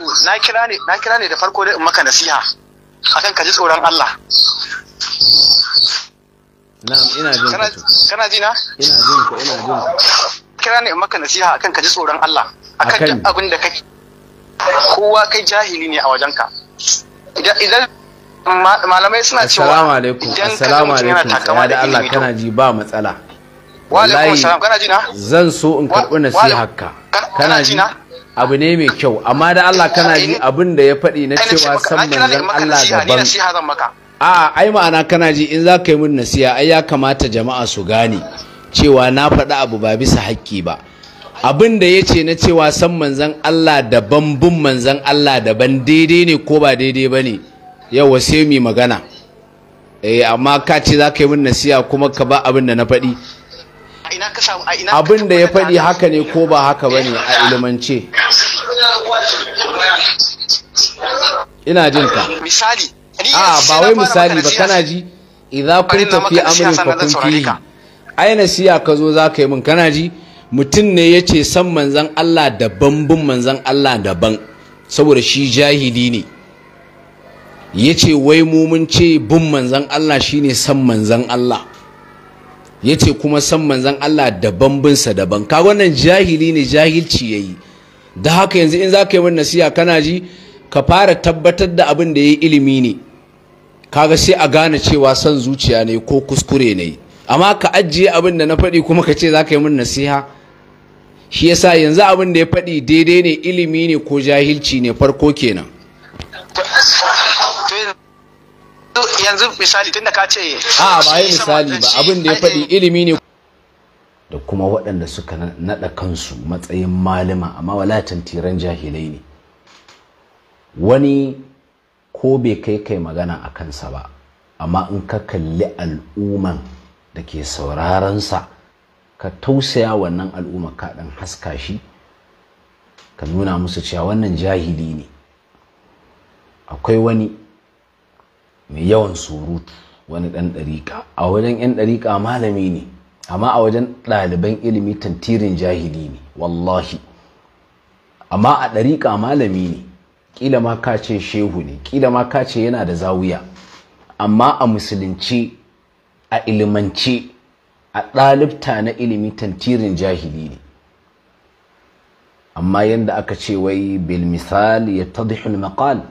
to na kira ne na kira ne da farko da in maka nasiha akan ka ji tsoron Allah na'am ina jin kana kana ji na ina jin ko ina jin kira ne in maka nasiha akan ka ji tsoron Allah akan duk abin da kai kowa kai jahili ne a wajenka idan idan malamai suna cewa assalamu alaikum assalamu alaikum da Allah kana ji ba matsala wallahi zan so in karɓi ka kana ji abu ne mai kyau amma da Allah kana ji abin da ya faɗi na cewa san manzon Allah daban a ai ma'ana kana ji in za ka yi min nasiha ai ya kamata jama'a su gane cewa na faɗi abu ba bisa haƙƙi ba abin da ya ce na cewa san manzon Allah daban bin manzon Allah daban daidai ne ko ba daidai ba ne yau sai magana eh amma ka ce za ka yi min nasiha kuma ka ba abin da na faɗi abin da ya faɗi haka ne ko ba haka ba ne a ilimance ina jin ka a ba wai misali ba kana ji idan kun tafi amurin fakun fili fihi ai ka zo za ka yi min kana ji mutum ne ya ce san manzan Allah daban bin manzan Allah daban saboda shi jahili ne ya ce wai mu mun ce bin manzan Allah shine san manzan Allah Ya ce kuma san manzon Allah da bin sa daban ka wannan jahili ne jahilci yayi da haka yanzu in zaka yi min nasiha kana ji ka fara tabbatar da abin da yi ilimi ne kaga sai a gane cewa son zuciya ne ko kuskure ne amma ka ajiye abin da na faɗi kuma ka ce zaka yi min nasiha shi yasa yanzu abin da ya faɗi daidai ne ilimi ne ko jahilci ne farko kenan yanzu yanzu misali tunda ka ce a ba yi misali ba abin da ya faɗi ilimi ne da kuma waɗanda suka naɗa kansu matsayin malama amma walatan tiran jahilai ne wani ko bai kai kai magana a kansa ba amma in ka kalli al'umman da ke saurarensa ka tausaya wannan al'umma ka ɗan haska shi ka nuna musu cewa wannan jahili ne akwai wani mai yawan surutu wani ɗan ɗariƙa a wajen 'yan ɗariƙa malami ne amma a wajen ɗaliban ilimi tantirin jahili ne wallahi amma a ɗariƙa malami ne ƙila ma ka ce shehu ne ƙila ma ka ce yana da zawiya amma a musulunci a ilimance a ɗalibta na ilimi tantirin jahili ne amma yadda aka ce wai bil misali ya tadhihul maqal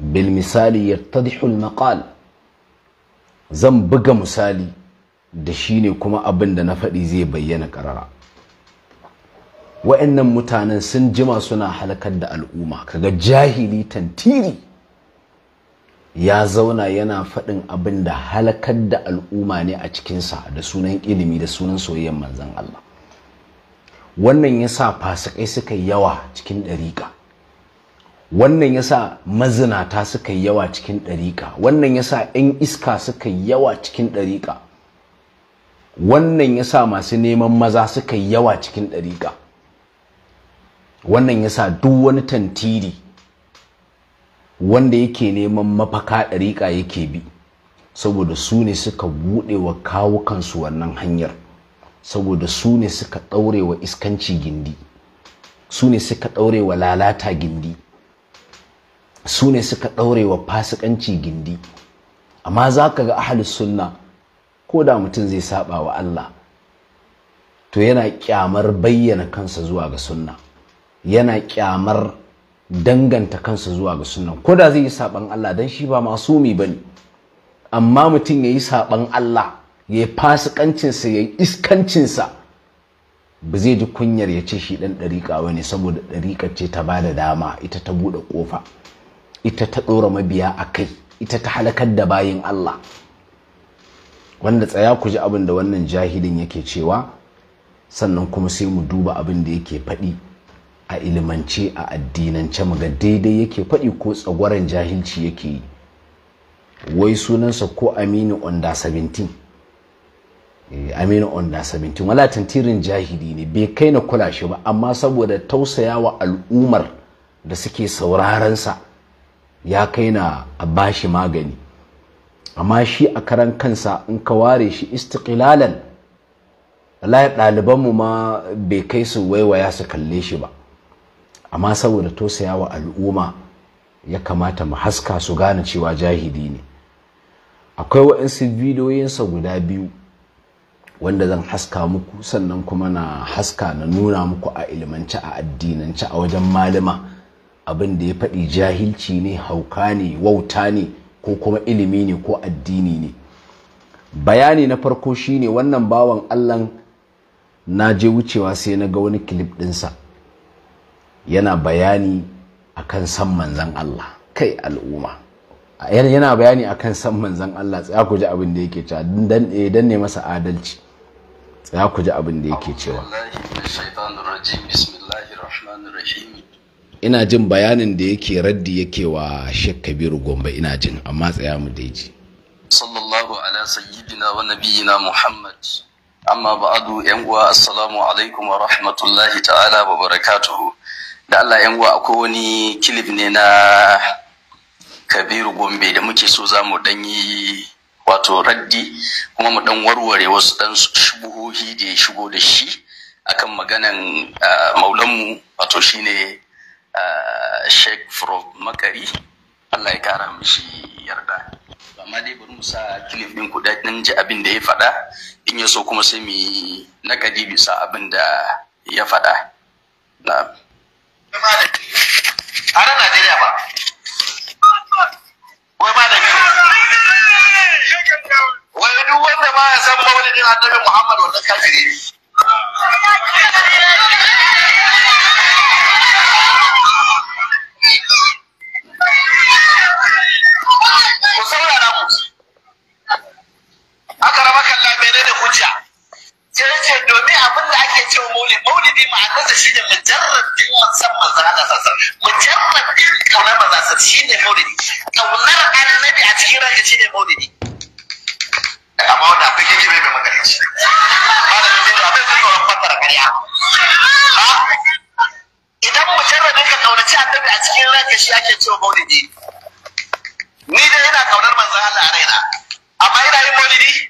bil misali yattadihu al zan buga misali da ne kuma abin da na faɗi zai bayyana ƙarara. wa'annan mutanen sun jima suna halakar da al'umma kaga jahili tantiri ya zauna yana faɗin abin da halakar da al'umma ne a cikinsa da sunan ilimi da sunan soyayyar manzan Allah wannan ya sa fasikai suka yawa cikin ɗariƙa wannan yasa mazinata suka yi yawa cikin ɗariƙa wannan yasa 'yan iska suka yi yawa cikin ɗariƙa wannan yasa masu neman maza suka yi yawa cikin ɗariƙa wannan yasa duk wani tantiri wanda yake neman mafaka ɗariƙa yake bi saboda su ne suka buɗe wa kawukansu wannan hanyar saboda su ne suka ɗaure wa iskanci gindi su ne suka ɗaure wa lalata gindi su ne suka ɗaure wa fasikanci gindi amma za ka ga ahalus sunna ko da mutum zai saba wa Allah to yana kyamar bayyana kansa zuwa ga sunna yana kyamar danganta kansa zuwa ga sunna ko da zai yi saban Allah dan shi ba masumi bane amma mutum ya yi saban Allah ya yi fasikancinsa ya yi iskancinsa ba zai ji kunyar ya ce shi ɗan ɗariƙa wani saboda ɗariƙar ce ta ba da dama ita ta buɗe ƙofa ita ta ɗora mabiya a kai ita ta halakar da bayin Allah wanda tsaya ku ji abin da wannan jahilin yake cewa sannan kuma sai mu duba abin da yake faɗi a ilimance a addinance mu ga daidai yake faɗi ko tsagwaron jahilci yake yi wai sunansa ko aminu onda 17 eh, aminu onda 17 wala tantirin jahili ne bai kai na kula shi ba amma saboda tausaya wa al'ummar da suke sauraransa sa ya kai na a shi magani amma shi a karan kansa in ka ware shi istiqlalan wallahi dalibanmu ma bai kai su waiwaya su kalle shi ba amma saboda tausayawa al'umma ya kamata mu haska su gane cewa jahidi ne akwai waɗansu bidiyoyinsa guda biyu wanda zan haska muku sannan kuma na haska na nuna muku a ilimance a addinance a wajen malama. abin da ya faɗi jahilci ne hauka ne wauta ne ko kuma ilimi ne ko addini ne bayani na farko shine wannan bawan allan na je wucewa sai na ga wani kilif ɗinsa yana bayani akan san manzan allah kai al'umma yana bayani akan san manzan allah tsaya ku ji abin da yake cewa eh, dan ne masa adalci tsaya ku ji abin da yake cewa ina jin bayanin da yake raddi yake wa Sheikh Kabiru Gombe ina jin amma tsaya mu da ji sallallahu ala sayyidina wa nabiyina Muhammad amma ba'adu yan uwa assalamu alaikum wa rahmatullahi ta'ala wa barakatuhu da Allah yan uwa akwai wani kilif ne na Kabiru Gombe da muke so zamu mu yi wato raddi kuma mu dan warware wasu dan shubuhohi da ya shigo da shi akan maganan ah, maulanmu wato shine Ah, sheik Frog makari allah ya kara mishi yarda amma dai bari mu sa kilif ɗin kuɗa nan ji abin da ya faɗa in ya so kuma sai mu yi nakadi bisa abin da ya faɗa na ara na Najeriya ba wai ba da wai duk wanda ba ya san mawalidin annabi Muhammad wannan kafiri ne aka rama kalla ne hujja sai ce domin abin da ake cewa maulidi maulidi ma'anarsa shine mujarradin san manzon Allah sallallahu alaihi wasallam mujarradin kaunar manzon sallallahu shine maulidi kaunar annabi a cikin ranka shine maulidi amma wanda akwai kike mai mai magana ce malamin da abin da yake fassara kariya idan mujarradin ka kaunaci annabi a cikin ranka shi ake cewa maulidi ni dai ina kaunar manzon Allah a raina amma ina yin maulidi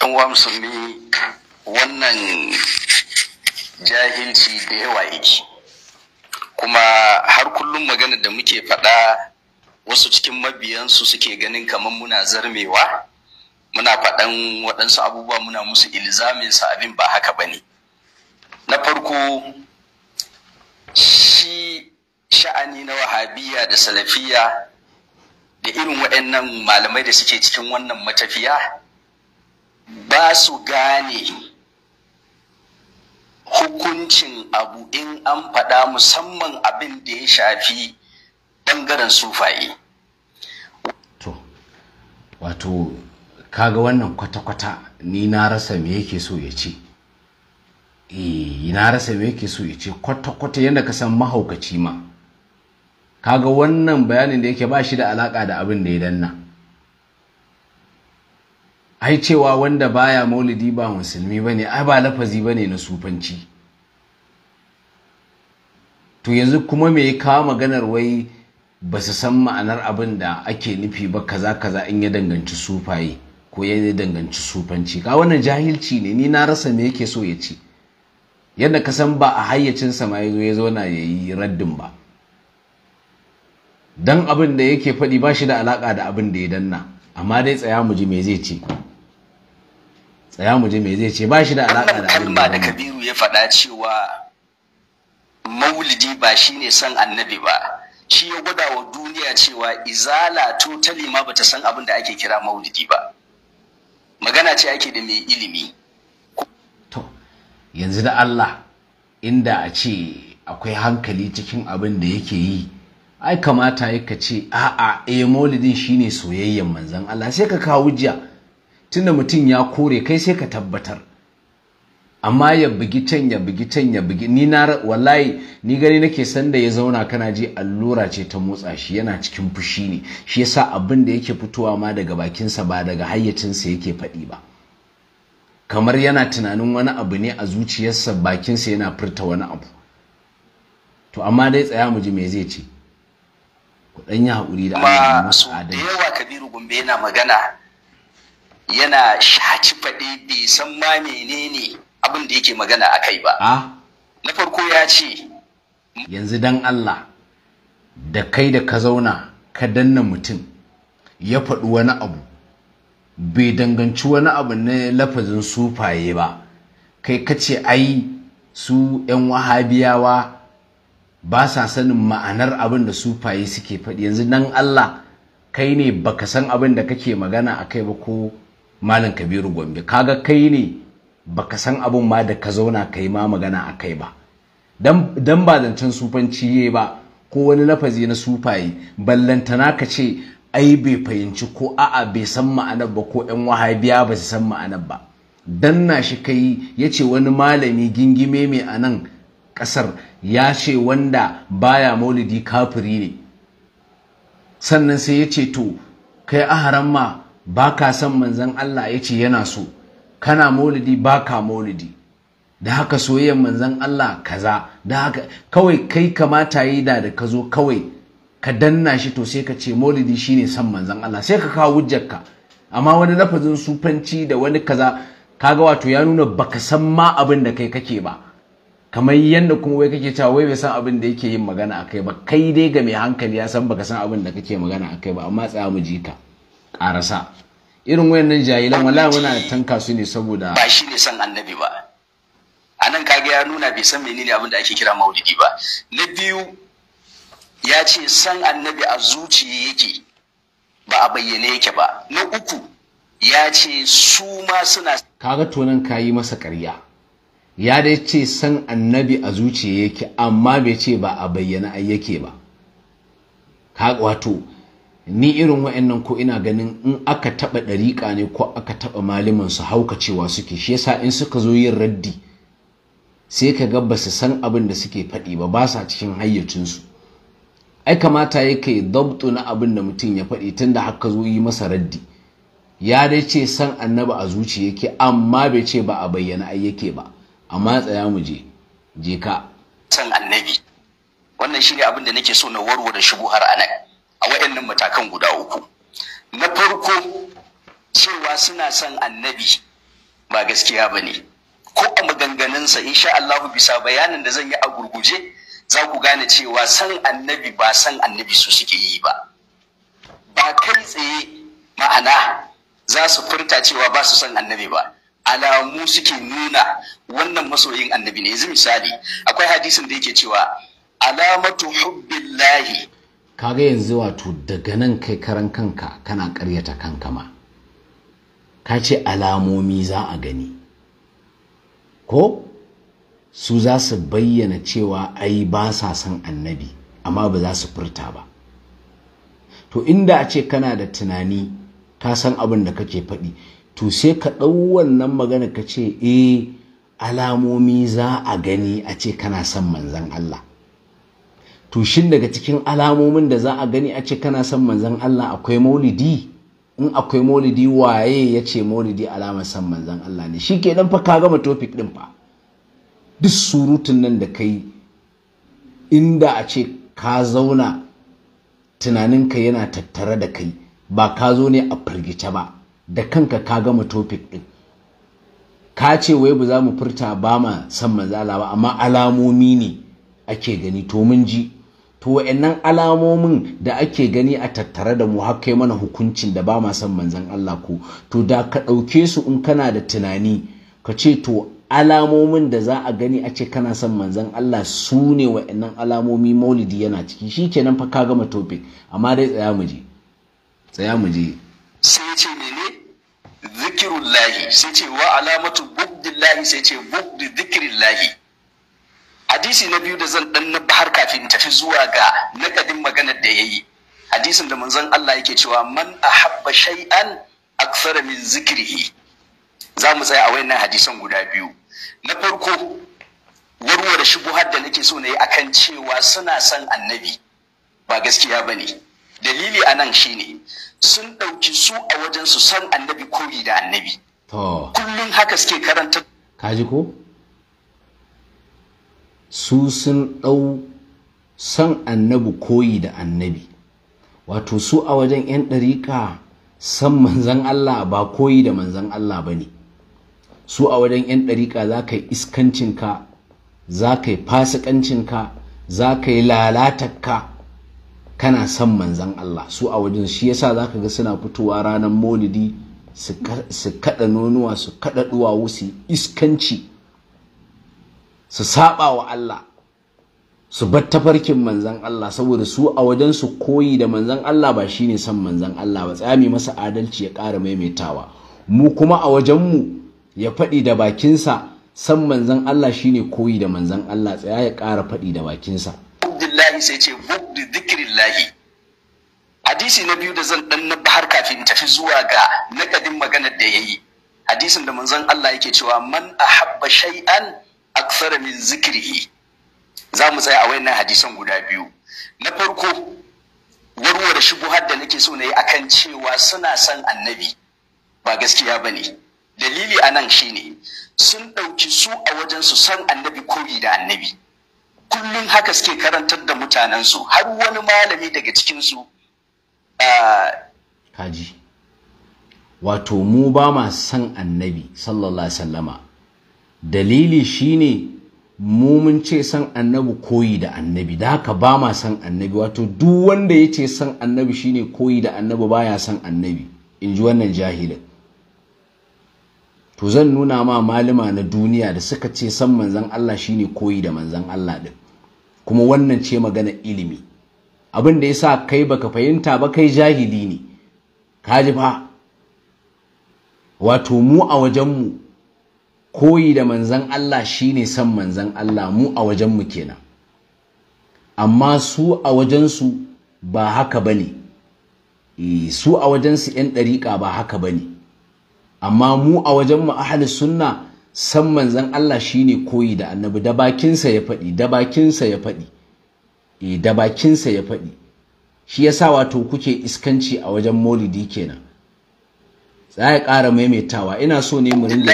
ɗan uwa musulmi wannan jahilci da yawa yake kuma har kullum magana da muke faɗa wasu cikin mabiyansu suke ganin kamar muna zarmewa muna faɗan waɗansu abubuwa muna musu ilzamin su, abin ba haka ba ne na farko shi sha'ani na wahabiya da salafiya da irin waɗannan malamai da suke cikin wannan matafiya ba su gane hukuncin abu in an faɗa musamman abin da ya shafi ɗangaren sufaye. wato, kaga wannan kwata-kwata ni na rasa me yake so ya ce. Eh, na rasa me yake so ya ce kwata-kwata yadda ka san mahaukaci ma. kaga wannan bayanin da yake ba shi da alaka da abin da ya danna ai cewa wanda baya maulidi ba musulmi bane ai ba lafazi bane na sufanci to yanzu kuma me ya kawo maganar wai ba su san ma'anar abin da ake nufi ba kaza kaza in ya danganci sufaye ko ya danganci sufanci ka wannan jahilci ne ni na rasa me yake so ya ce yadda ka san ba a hayyacinsa ma ya zo ya zauna ya yi raddin ba dan abin da yake faɗi ba shi da alaƙa da abin da ya danna amma dai tsaya mu ji me zai ce tsaya mu ji me zai ce ba da alaka da abin da kabiru ya faɗa cewa maulidi ba shine san annabi ba shi ya gwada wa duniya cewa izala totally ma bata san abin da ake kira maulidi ba magana ce ake da mai ilimi to yanzu da Allah inda a ce akwai hankali cikin abin da yake yi ai kamata ya ce a'a eh maulidin shine soyayyen manzon Allah sai ka kawo hujja tunda mutum ya kore kai sai ka tabbatar amma ya bugi can ya bugi can ya bugi ni na wallahi ni gani nake da ya zauna kana ji allura ce ta motsa shi yana cikin fushi ne shi yasa abin da yake fitowa ma daga bakinsa ba daga hayyacinsa yake faɗi ba kamar yana tunanin wani abu ne a zuciyarsa bakinsa yana furta wani abu to amma dai tsaya mu ji me zai ce dan yi haƙuri da Allah masu da yawa Kabiru Gombe yana magana yana shaci faɗe bai san ma menene abin da yake magana akai kai ba na farko ya ce yanzu dan Allah da kai da ka zauna ka danna mutum ya faɗi wani abu bai danganci wani abu na lafazin sufaye ba kai ka ce ai su 'yan wahabiyawa ba sa sanin ma'anar abin da sufaye suke faɗi yanzu nan Allah kai ne baka san abin da kake magana a kai ba ko malam kabiru gombe kaga kai ne baka san abin ma da ka zauna kai ma magana a kai ba dan ba zancen sufanci ba ko wani lafazi na sufaye ballantana ka ce ai bai fahimci ko a'a bai san ma'anar ba ko yan wahabiya ba su san ma'anar ba na shi kai ce wani malami gingime mai nan ƙasar. ya ce wanda baya maulidi kafiri ne sannan sai ya ce to kai aharan ma ba ka son manzan Allah ya ce yana so kana maulidi ba ka maulidi da haka soyayyar manzan Allah kaza da haka kawai kai kamata yi da da ka zo kawai ka danna shi to sai ka ce maulidi shine son manzan Allah sai ka kawo hujjarka amma wani lafazin sufanci da wani kaza kaga wato ya nuna baka san ma abin da kai kake ba kamar yadda kuma wai kake cewa wai bai san abin da yake yin magana a kai ba kai dai ga mai hankali ya san baka san abin da kake magana a kai ba amma tsaya mu ji ka karasa irin wayannan jahilan wallahi muna tanka su ne saboda ba shi ne san annabi ba anan kage ya nuna bai san menene abin da ake kira maulidi ba na biyu ya ce san annabi a zuciya yake ba a bayyane yake ba na uku ya ce su ma suna kaga tonan kayi masa ƙarya ya dai ce san annabi a zuciya yake amma bai ce ba a bayyana ayyake yake ba ka wato ni irin wa'annan ko ina ganin in aka taba ɗariƙa ne ko aka taba maliman su hauka cewa suke shi yasa in suka zo yin raddi sai ka ga basu san abin da suke faɗi ba ba sa cikin hayyacinsu ai kamata yake dabtu na abin da mutum ya faɗi tun da haka zo yi masa raddi ya dai ce san annabi a zuciya yake amma bai ce ba a bayyana ai yake ba amma tsaya mu je je ka san annabi wannan shine abin da nake so na da warware har anan a wayannan matakan guda uku na farko cewa suna son annabi ba gaskiya ne, ko a maganganunsa insha Allah bisa bayanin da zan yi a gurguje za ku gane cewa san annabi ba san annabi su suke yi ba ba kai tsaye ma'ana za su furta cewa ba su san annabi ba alamu suke nuna wannan masoyin annabi ne yanzu misali akwai hadisin da yake cewa alamatu hubbillahi kaga yanzu wato daga nan kai karan kanka kana karyata kanka ma ka ce alamomi za a gani ko su za su bayyana cewa ai ba sa son annabi amma ba za su furta ba to inda a ce kana da tunani ka san abin da kake faɗi to sai ka ɗau wannan magana ka ce e alamomi za a gani a ce kana son manzan Allah to shin daga cikin alamomin da za a gani a ce kana son manzan Allah akwai maulidi in akwai maulidi waye ya ce maulidi alamar son manzan Allah ne shi ke fa ka gama topic ɗin fa duk surutun nan da kai inda a ce ka zauna tunaninka yana tattare da kai ba ka zo ne a firgice ba da kanka ka gama topic din ka ce wai ba za mu furta ba ma san manzala ba amma alamomi ne ake gani to mun ji to wa'annan alamomin da ake gani a tattare da mu har kai mana hukuncin da ba ma san manzan Allah ko to da ka ɗauke su in kana da tunani ka ce to alamomin da za a gani a ce kana son manzan Allah su ne wa'annan alamomi maulidi yana ciki shi kenan fa ka gama topic amma dai tsaya mu je tsaya mu je sai ce sai ce wa alamatu bugdillahi sai ce zikirin lahi. hadisi na biyu da zan dan na har kafin tafi zuwa ga nakadin maganar da ya yi. hadisin da manzon Allah yake cewa man ahabba shay'an akthara min zikrihi za mu tsaya a wayannan hadisan guda biyu na farko warware shubuhar da nake so na yi akan cewa suna son annabi ba gaskiya ba ne. dalili a anan shine sun ɗauki su a wajen su san annabi koyi da annabi to kullum haka suke karanta kaji ko su sun ɗau son annabi koyi da annabi wato su a wajen 'yan ɗariƙa san manzan Allah ba koyi da manzan Allah ba ne su a wajen 'yan ɗariƙa za ka yi iskancinka za ka yi fasikancinka za ka yi lalatakka kana san manzan Allah su a wajen shi yasa za ka ga suna fitowa ranar molidi su kada nonuwa su kada duwawu su iskanci su saba wa Allah su bar tafarkin manzan Allah saboda su a wajen su koyi da manzan Allah ba shine son manzan Allah ba tsami masa adalci ya ƙara maimaitawa mu kuma a wajen mu ya faɗi da bakinsa san manzan Allah shine koyi da manzan Allah tsaya ya ƙara faɗi da bakinsa Abdullahi sai ce bugdi zikrillahi hadisi na biyu da zan dan na har kafin tafi zuwa ga nakadin maganar da yayi hadisin da manzon Allah yake cewa man ahabba shay'an akthara min zikrihi za mu tsaya a wayannan hadisan guda biyu na farko warware shubuhar da nake so na yi akan cewa suna son annabi ba gaskiya ba ne dalili anan nan shine sun ɗauki su a wajen su san annabi koyi da annabi kullum haka suke karantar da mutanensu har wani malami daga cikinsu kaji wato mu ba ma san annabi sallallahu sallama dalili shine mu mun ce san annabi koyi da annabi da haka ba ma san annabi wato duk wanda ya ce san annabi shine koyi da annabi baya san annabi in ji wannan jahilin to zan nuna ma malama na duniya da suka ce san manzan Allah shine koyi da manzan Allah din kuma wannan ce magana ilimi abin da ya sa kai baka fahimta ba kai jahili ne kaji fa wato mu a wajenmu koyi da manzan Allah shine san manzan Allah mu a wajenmu kenan amma su a wajensu ba haka bane eh, su a wajensu 'yan ɗariƙa ba haka bane amma mu a wajenmu ahli sunna san manzan Allah shine koyi da annabi da bakinsa ya faɗi da bakinsa ya faɗi Eh, da bakinsa ya faɗi shi ya sa wato kuke iskanci a wajen molidi kenan za ya ƙara maimaitawa ina so ne mu rinda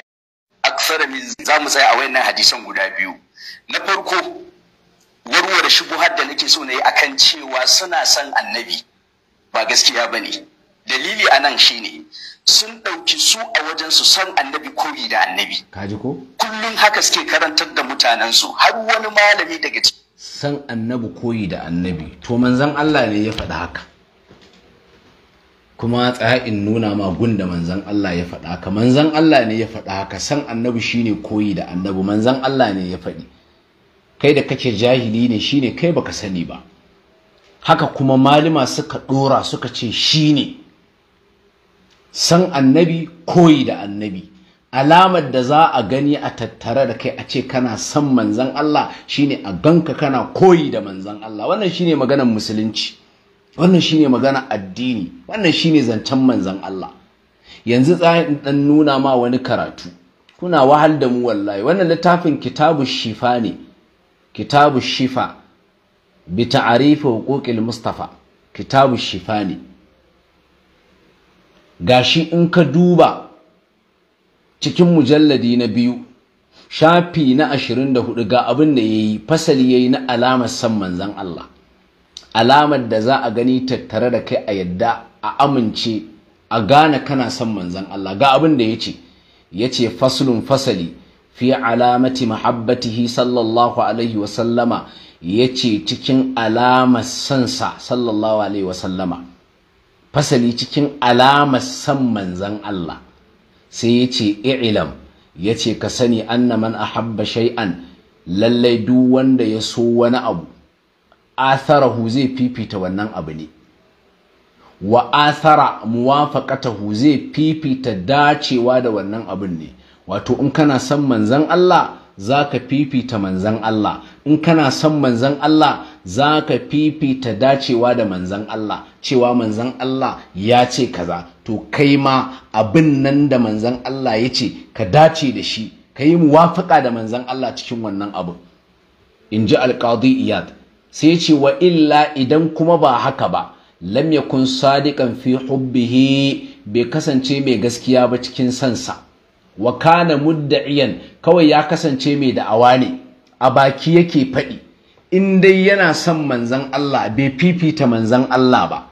aksara min za mu tsaya a wayannan hadisan guda biyu na farko warware shubu da nake so na yi akan cewa suna son annabi ba gaskiya ba ne dalili a nan ne. sun ɗauki su a wajen su san annabi koyi da annabi kaji ko kullum haka suke karantar da mutanensu har wani malami daga cikin san annabi koyi da annabi to manzan Allah ne ya faɗi haka kuma in nuna ma gunda manzan Allah ya faɗa haka manzan Allah ne ya faɗa haka san annabi shine koyi da annabi manzan Allah ne ya faɗi kai da kake jahili ne shine kai baka sani ba haka kuma malima suka ɗora suka ce shi ne. san annabi koyi da annabi alamar da za a gani a tattare da kai a ce kana son manzan Allah shine a ganka kana koyi da manzan Allah wannan shine maganar musulunci wannan shine maganar addini wannan shine zancen manzan Allah yanzu tsayin dan nuna ma wani karatu kuna wahal da mu wallahi wannan littafin kitabu shifa ne kitabu shifa bi ta'arifi huquqil mustafa kitabu shifa ne gashi in ka duba cikin mujalladi na biyu shafi na ashirin da hudu ga abin da ya yi fasali ya yi na alamar san manzan Allah alamar da za a gani tattare da kai a yadda a amince a gane kana san manzan Allah ga abin da ya ce ya ce fasulun fasali fi alamati mahabbatihi sallallahu alaihi wasallama ya ce cikin alamar sansa sallallahu alaihi wasallama fasali cikin alamar san manzan Allah sai ya ce i'ilam ya ce ka sani anna man ahabba shay'an lallai duk wanda ya so wani abu atharahu zai fifita wannan abu ne wa athara muwafaqatahu zai fifita dacewa da wannan abin ne wato in kana son manzan Allah zaka fifita manzan Allah in kana son manzan Allah za ka fifita dacewa da manzan Allah cewa manzan Allah ya ce kaza to kai ma abin nan da manzan Allah ya ce ka dace da shi ka yi muwafaka da manzan Allah cikin wannan abu in ji alƙadi iyad sai ce wa illa idan kuma ba haka ba lam yakun sadiqan fi hubbihi bai kasance mai gaskiya ba cikin sansa wa kana mudda'iyan kawai ya kasance mai da'awa ne a baki yake faɗi in dai yana son manzan Allah bai fifita manzan Allah ba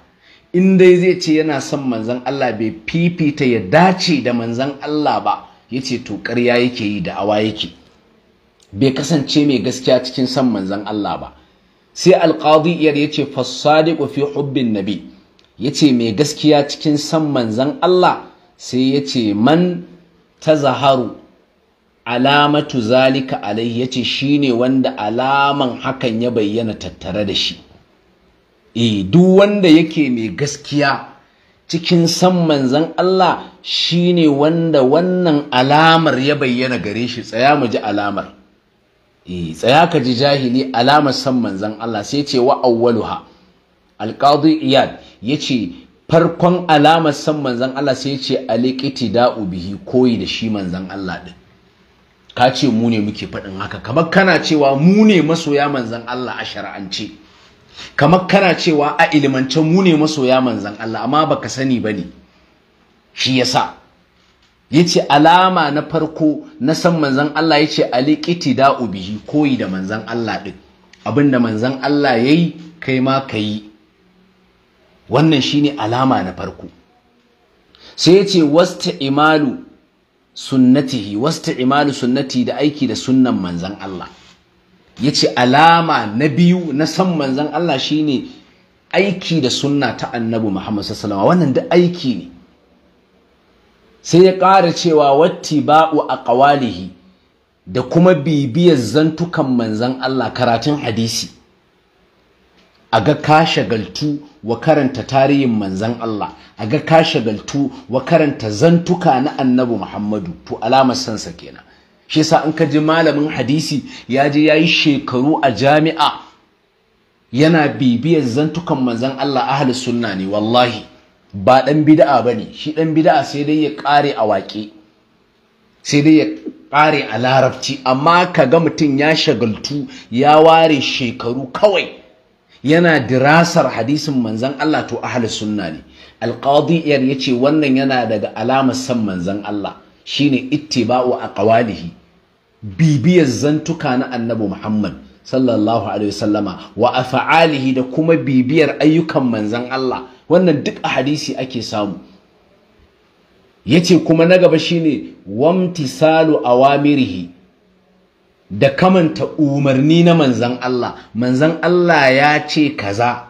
in dai zai ce yana son manzan Allah bai fifita ya dace da manzan Allah ba yace ce to ƙarya yake yi da awa yake bai kasance mai gaskiya cikin son manzan Allah ba sai alƙadi iyar ya ce fi hubbin nabi ya ce mai gaskiya cikin son manzan Allah sai yace ce man tazaharu alamatu zalika alaihi shi ne wanda alaman hakan ya bayyana tattare da shi E, duk wanda yake mai gaskiya cikin san manzon Allah shi ne wanda wannan alamar ya bayyana gare shi tsaya mu ji alamar eh, tsaya ka ji jahili alamar san manzan Allah sai ce wa awwaluha alqadi iyad ce farkon alamar san manzan Allah sai ce yace aliqtida'u bihi koyi da shi manzon Allah din ka ce mu ne muke faɗin haka kamar kana cewa mu ne masoya manzan Allah a shar'ance kamar kana cewa a ilimance mu ne masoya manzan Allah amma baka sani ba ne shi yasa yace alama na farko na san manzan Allah yace aliqiti da ubihi koyi da manzan Allah din abinda manzan Allah yayi kai ma kayi wannan shine alama na farko sai yace wasta imalu sunnatihi wasta imalu sunnati da aiki da sunnan manzan Allah ya ce alama na biyu na san manzan Allah shine aiki da sunna ta annabi Muhammad sallallahu wannan da aiki ne sai ya ƙara cewa a aqwalihi da kuma bibiyar zantukan manzan Allah karatun hadisi a ga ka shagaltu wa karanta tarihin manzan Allah a ga ka shagaltu wa karanta zantuka na annabi Muhammadu to alamar sansa kenan shi yasa in ka ji malamin hadisi ya je yayi shekaru a jami'a yana bibiyar zantukan manzan Allah ahlus sunna ne wallahi ba dan bid'a bane shi dan bid'a sai dai ya kare a waƙe sai dai ya kare a larabci amma kaga mutum ya shagaltu ya ware shekaru kawai yana dirasar hadisin manzan Allah to ahli sunna ne alqadi iyar yace wannan yana daga alamar san manzan Allah shine ittiba'u aqwalihi bibiyar zantuka na annabi Muhammad sallallahu alaihi wasallama wa af'alihi da kuma bibiyar ayyukan manzan Allah wannan duk a hadisi ake samu yace kuma na gaba shine wamtisalu awamirihi da kamanta umarni na manzan Allah manzan Allah ya ce kaza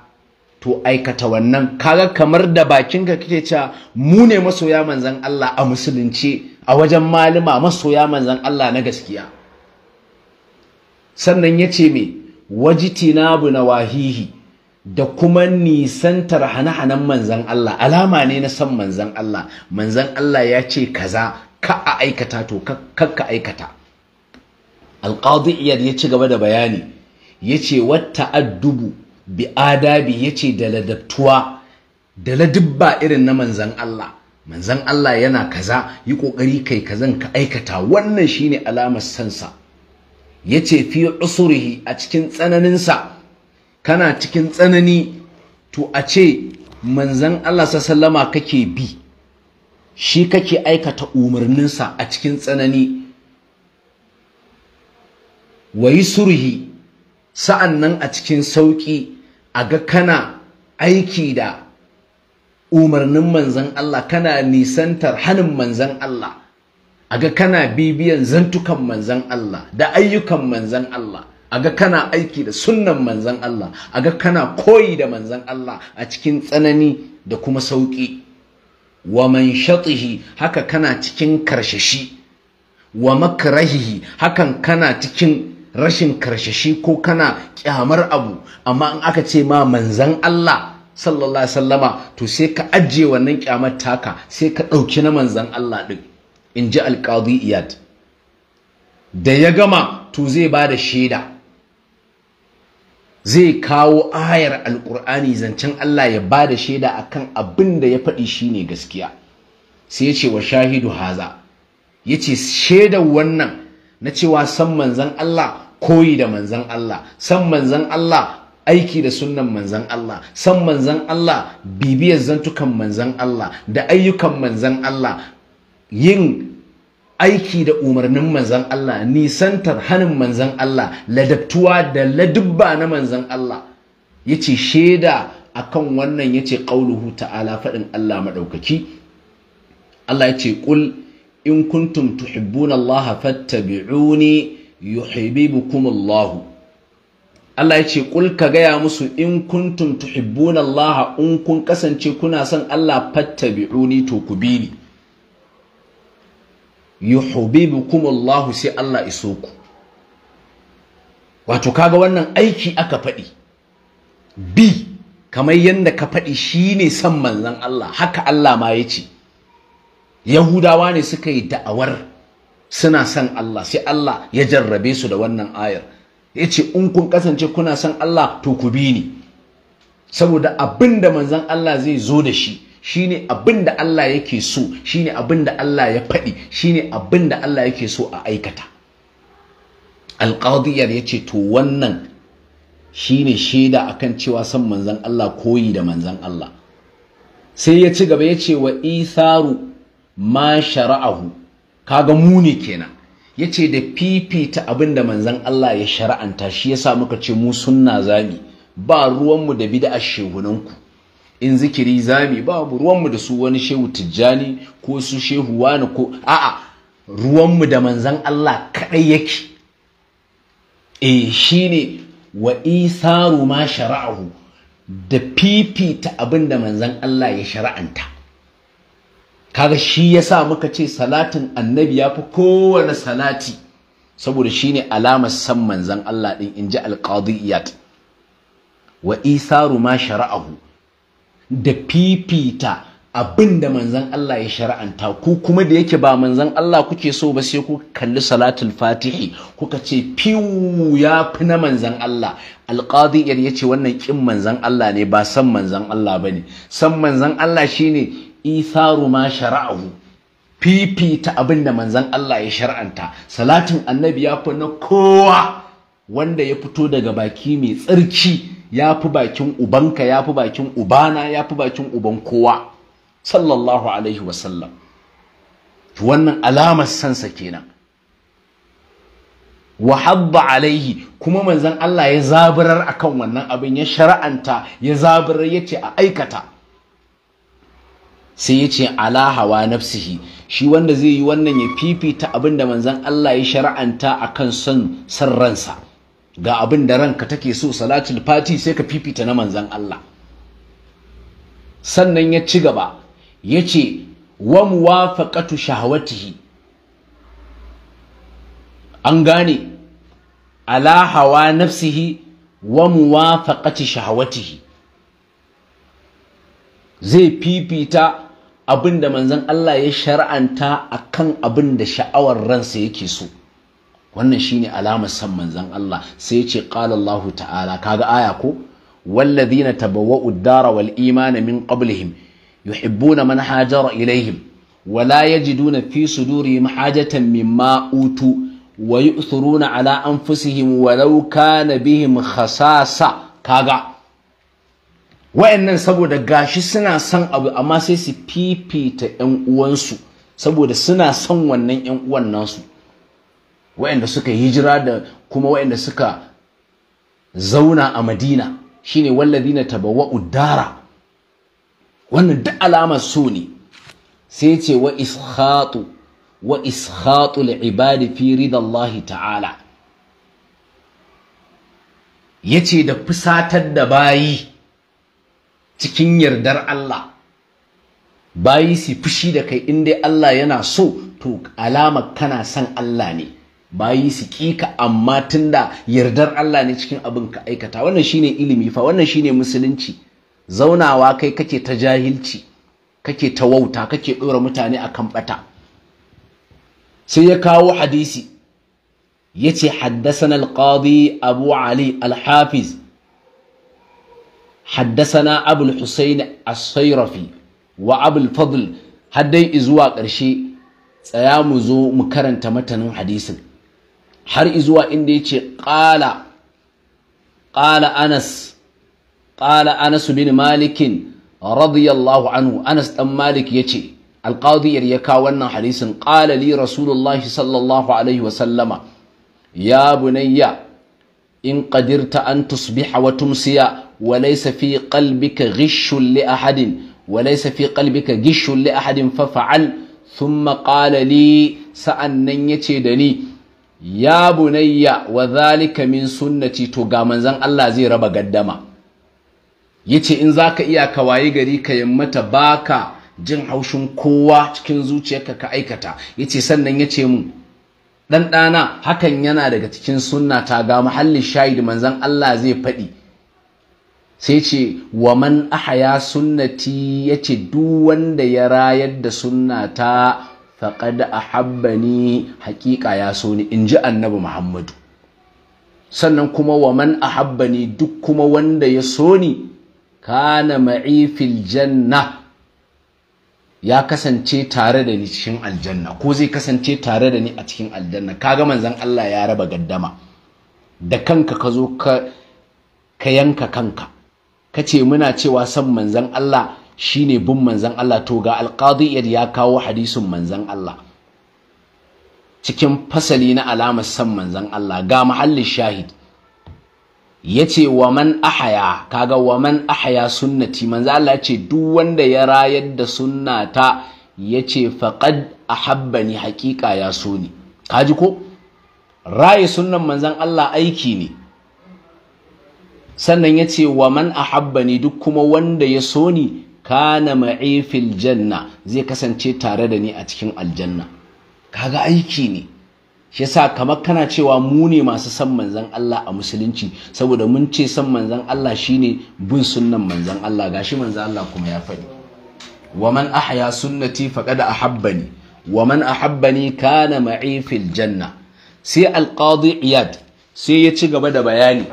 to aikata wannan kaga kamar da bakinka kake cewa mu ne masoya manzan Allah a musulunci a wajen malama masoya manzan Allah na gaskiya sannan ya ce me na Wahihi. da kuma nisantar hane-hanen manzan Allah alama ne na san manzan Allah manzan Allah ya ce kaza ka a aikata to ka ka aikata alqadi iyad ya ci gaba da bayani Ya ce, wata addubu bi adabi ya ce da ladabtuwa da ladibba irin na manzan Allah manzan Allah yana kaza yi ƙoƙari kai kazan ka aikata wannan shine alamar sansa ce fi usurihi a cikin tsananinsa kana cikin tsanani to a ce manzan Allah sallama kake bi shi kake aikata umarninsa a cikin tsanani wa surhi sa'an nan a cikin sauƙi, a ga kana aiki da umarnin manzan Allah kana nisantar hanin manzan Allah a ga kana bibiyan zantukan manzan Allah da ayyukan manzan Allah a ga kana aiki da sunan manzan Allah a ga kana koyi da manzan Allah a cikin tsanani da kuma sauƙi wa man shatihi haka kana cikin karshashi wa makrahihi hakan kana cikin rashin karshashi ko kana kyamar abu amma in aka ce ma manzan Allah sallallahu alaihi wasallama to sai ka ajiye wannan kyamar taka sai ka ɗauki na manzan Allah ɗin in ji iyad da ya gama to zai bada da shaida zai kawo ayar alƙur'ani zancen Allah ya ba da shaida akan abin da ya faɗi shine gaskiya sai ya ce wa shahidu haza yace ce shaidar wannan na cewa san manzan Allah koyi da manzan Allah san manzan Allah aiki da sunnan manzan Allah san manzan Allah bibiyar zantukan manzan Allah da ayyukan manzan Allah yin aiki da umarnin manzan Allah nisantar hanin manzan Allah ladabtuwa da ladubba na manzan Allah yace shaida akan wannan yace qauluhu ta'ala faɗin Allah maɗaukaki Allah yace ƙul in kuntum tuhibbuna Allah fattabi'uni yuhibbukum Allah Allah ya kul ka gaya musu in kuntum tuhibbuna Allah in kun kasance kuna son Allah fattabi'uni to ku bi ni yuhibbukum Allah sai Allah iso ku wato kaga wannan aiki aka faɗi bi kamar yadda ka faɗi shine son manzon Allah haka Allah ma yace yahudawa ne suka yi da'awar suna son Allah sai Allah ya jarrabe su da wannan ayar yace in kun kasance kuna son Allah to ku bi ni saboda abin da manzon Allah zai zo da shi shine abin da Allah yake so shine abin da Allah ya faɗi shine abin da Allah yake so a aikata ya ce to wannan shine shaida a kan cewa son manzan Allah koyi da manzan Allah sai ya ci gaba ya ce wa Isaru. ma shara'ahu kaga mu ne kenan yace da fifita abin da manzon Allah ya shara'anta shi yasa muka ce mu sunna zami ba ruwanmu da bid'a shehunanku in zikiri zami ba ruwanmu da su wani shehu tijjani ko su shehu wani ko a'a ruwanmu da manzon Allah kaɗai yake eh shine wa isaru ma shara'ahu da fifita abin da manzon Allah ya shara'anta kaga shi yasa muka ce salatin annabi ya fi kowane salati saboda shine alamar san manzan Allah din inji alqadiyat wa isaru ma shara'ahu da fifita abinda da manzan Allah ya shara'anta ku kuma da yake ba manzan Allah kuke so ba sai ku kalli salatul fatihi kuka ce fiwu ya fi na manzan Allah alqadiyar yace wannan kin manzan Allah ne ba san manzan Allah bane san manzan Allah shine isaru ma shara'ahu fifita abin da manzon Allah ya shar'anta salatin annabi ya fi na kowa wanda ya fito daga baki mai tsarki ya fi bakin ubanka ya fi bakin ubana ya fi bakin uban kowa sallallahu alaihi wasallam wannan alamar sansa kenan wa habba alaihi kuma manzon Allah ya zaburar akan wannan abin ya shar'anta ya zaburar ce a aikata sai ya ce ala hawa nafsihi shi wanda zai yi wannan ya fifita abin da manzon Allah ya a kan son san ransa ga abin da ranka take so salatul fati sai ka fifita na manzon Allah sannan ya ci gaba ya ce wa muwafaqatu shahawatihi an gane ala hawa nafsihi wa muwafaqati shahawatihi zai fifita abin da manzon Allah ya shar'anta akan abin da sha'awar ransa yake so wannan shine alamar san manzon Allah sai ya ce qala Allah ta'ala kaga aya ko walladhina tabawwa'u ad-dara wal imana min qablihim yuhibbuna man hajara ilayhim wa la yajiduna fi sudurihim hajatan mimma utu wa yu'thiruna ala anfusihim walau kana bihim khasasa kaga Waƴannan saboda gashi suna son abu amma sai su fifita ƴan uwansu saboda suna son wannan ƴan uwan nasu wayanda suka hijira da kuma wayanda suka zauna a Madina shine walladina tabawa dara wannan duk alamar so ne sai ce wa ishatu wa ishatu al-ibadi fi ridallahi ta'ala yace da fusatar da bayi cikin yardar Allah bayi su fushi da kai in dai Allah yana so to alamar kana son Allah ne bayi su kika amma tunda yardar Allah ne cikin abin ka aikata wannan shine ilimi fa wannan shine musulunci zaunawa kai kake ta jahilci kake ta wauta kake ɗora mutane akan bata sai ya kawo hadisi yace haddathana al-qadi Abu Ali al-Hafiz حدثنا أبو الحسين الصيرفي وأبو الفضل هدي إزوا قرشي سيام زو مكرن تمتن mu karanta izuwa inda ya ce ƙala inda yace ƙala anas bin malikin radiyallahu anhu anas ɗan malik yace ce alƙadiyar ya wannan hadisin ƙala li rasulullahi sallallahu alaihi wasallama ya in qadirta an tusbiha wa tumsiya wa laysa fi qalbika ghishun li ahadin wa laysa fi qalbika ghishun li yace da ni ya bunayya wa zalika min sunnati to ga manzon Allah zai raba gaddama yace in zaka iya ka wayi gari ka yammata baka jin haushin kowa cikin zuciyarka ka aikata yace sannan yace mu dan dana hakan yana daga cikin sunna ta ga mahallin shahid manzon Allah zai faɗi sai ce wa man ahaya sunnati yace duk wanda ya rayar da sunna sunnata faqad ahabbani haƙiƙa ya so ni inji annabi Muhammadu sannan kuma wa man ahabbani duk kuma wanda ya so ni kana ma'i janna ya kasance tare da ni cikin aljanna ko zai kasance tare da ni a cikin aljanna kaga manzan Allah ya raba gaddama da kanka ka zo ka yanka kanka ka ce muna cewa san manzon Allah shine bin manzon Allah to ga alqadi ya kawo hadisin manzon Allah cikin fasali na alamar san manzon Allah ga mahallin shahid yace wa man ahaya kaga wa man ahaya sunnati manzo Allah ce duk wanda ya rayar da sunnata yace faqad ahabbani haqiqa ya so ni kaji ko raye sunnan manzan Allah aiki ne sannan ya ce wa man ne duk kuma wanda ya so ni kana ma'i janna zai kasance tare da ni a cikin aljanna kaga aiki ne shi yasa kamar kana cewa mu ne masu san manzon Allah a musulunci saboda mun ce san manzon Allah shine bin sunnan manzon Allah gashi manzon Allah kuma ya faɗi wa man ahya sunnati faqad ahabbani wa man ahabbani kana ma'i fil janna sai alqadi iyad sai ya ci gaba da bayani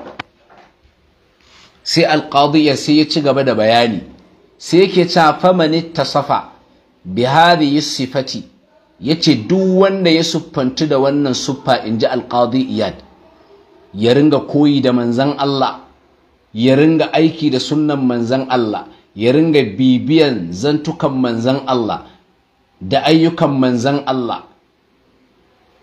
sai alqadi sai ya ci gaba da bayani sai yake ta famani tasafa bi hadhihi sifati Ya ce duk wanda ya siffantu da wannan in ji alqadi iyad ya ringa koyi da manzan Allah ya ringa aiki da sunan manzan Allah ya ringa bibiyan zantukan manzan Allah da ayyukan manzan Allah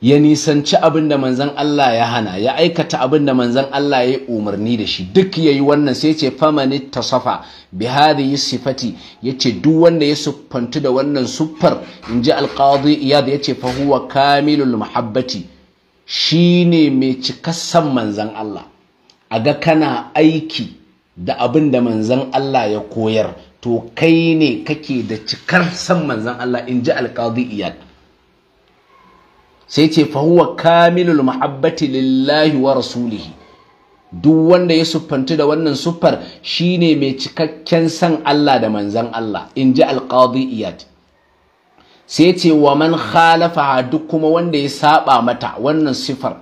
ya nisanci abin da manzon Allah ya hana ya aikata abin da manzon Allah ya umarni da shi duk yayi wannan sai ce famani tasafa bi hadhihi sifati yace duk wanda ya siffantu da wannan suffar inji alqadi iyad yace fa huwa kamilul muhabbati shine mai cikassan manzon Allah A ga kana aiki da abin da manzon Allah ya koyar to kai ne kake da cikar san manzon Allah inji alqadi iyad sai ce fahuwa kamilul mahabbati lillahi wa rasulihi duk wanda ya suffantu da wannan suffar shine mai cikakken san Allah da manzan Allah inji alqadi iyad sai ce wa man khalafa duk kuma wanda ya saba mata wannan siffar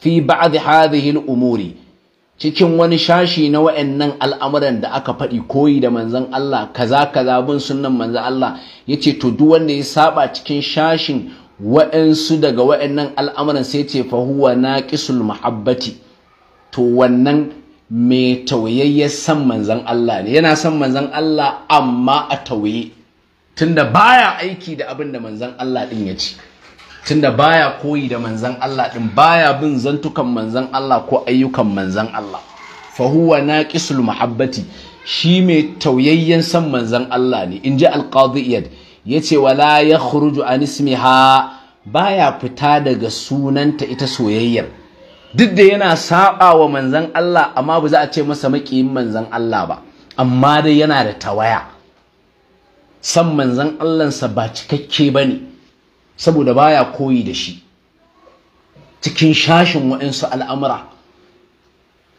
fi ba'd hadhihi umuri cikin wani shashi na wa'annan al'amuran da aka faɗi koyi da manzan Allah kaza kaza bin sunnan manzan Allah yace to duk wanda ya saba cikin shashin wa'ansu daga wa'annan al'amuran sai ce fahuwa na kisul muhabbati to wannan mai tauyayyen san manzan Allah ne yana san manzan Allah amma a tauye tunda baya aiki da abin da manzon Allah din ya ci. tunda baya koyi da manzan Allah din baya bin zantukan manzan Allah ko ayyukan manzan Allah fahuwa na kisul muhabbati shi mai tauyayyen san manzan Allah ne inji alqadi iyad Ya yace wala yakhruju an ismiha baya fita daga sunanta ita soyayyar duk da yana saba wa manzon Allah amma ba za a ce masa makiyin Manzan Allah ba amma dai yana da tawaya san manzon Allahnsa ba cikakke bane saboda baya koyi da shi cikin shashin su al'amura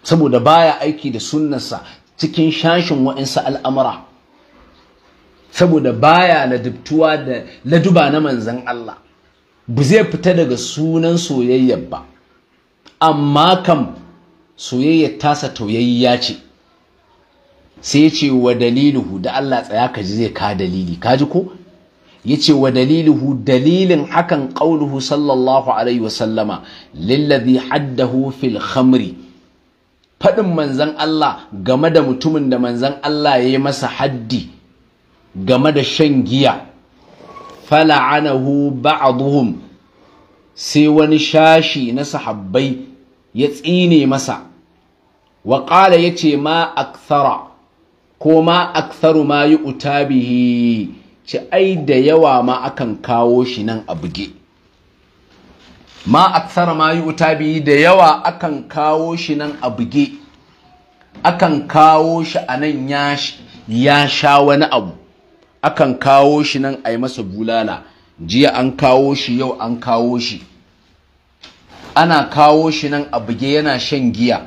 saboda baya aiki da sunnarsa cikin shashin waɗansu al'amura saboda baya ladubtuwa da laduba na manzan Allah ba zai fita daga sunan soyayya ba amma kam soyayya tasa tauyayya ce sai ya ce wa daliluhu da Allah tsaya ka ji zai ka dalili ka ji ko ya ce wa daliluhu dalilin hakan ƙauluhu sallallahu alaihi wasallama lillazi haddahu fil khamri faɗin manzan Allah game da mutumin da manzan Allah ya yi masa haddi game da shan giya fala'anahu ba'dhum sai wani shashi na sahabbai ya tsine masa wa qala yace ma akthara ko ma aktharu ma yu'ta bihi ci ai da yawa ma akan kawo shi nan a buge ma aksara ma yi biyu da yawa akan kawo shi nan a buge akan kawo shi a nan ya sha wani abu akan kawo shi nan a yi masa bulala jiya an kawo shi yau an kawo shi ana kawo shi nan a buge yana shan giya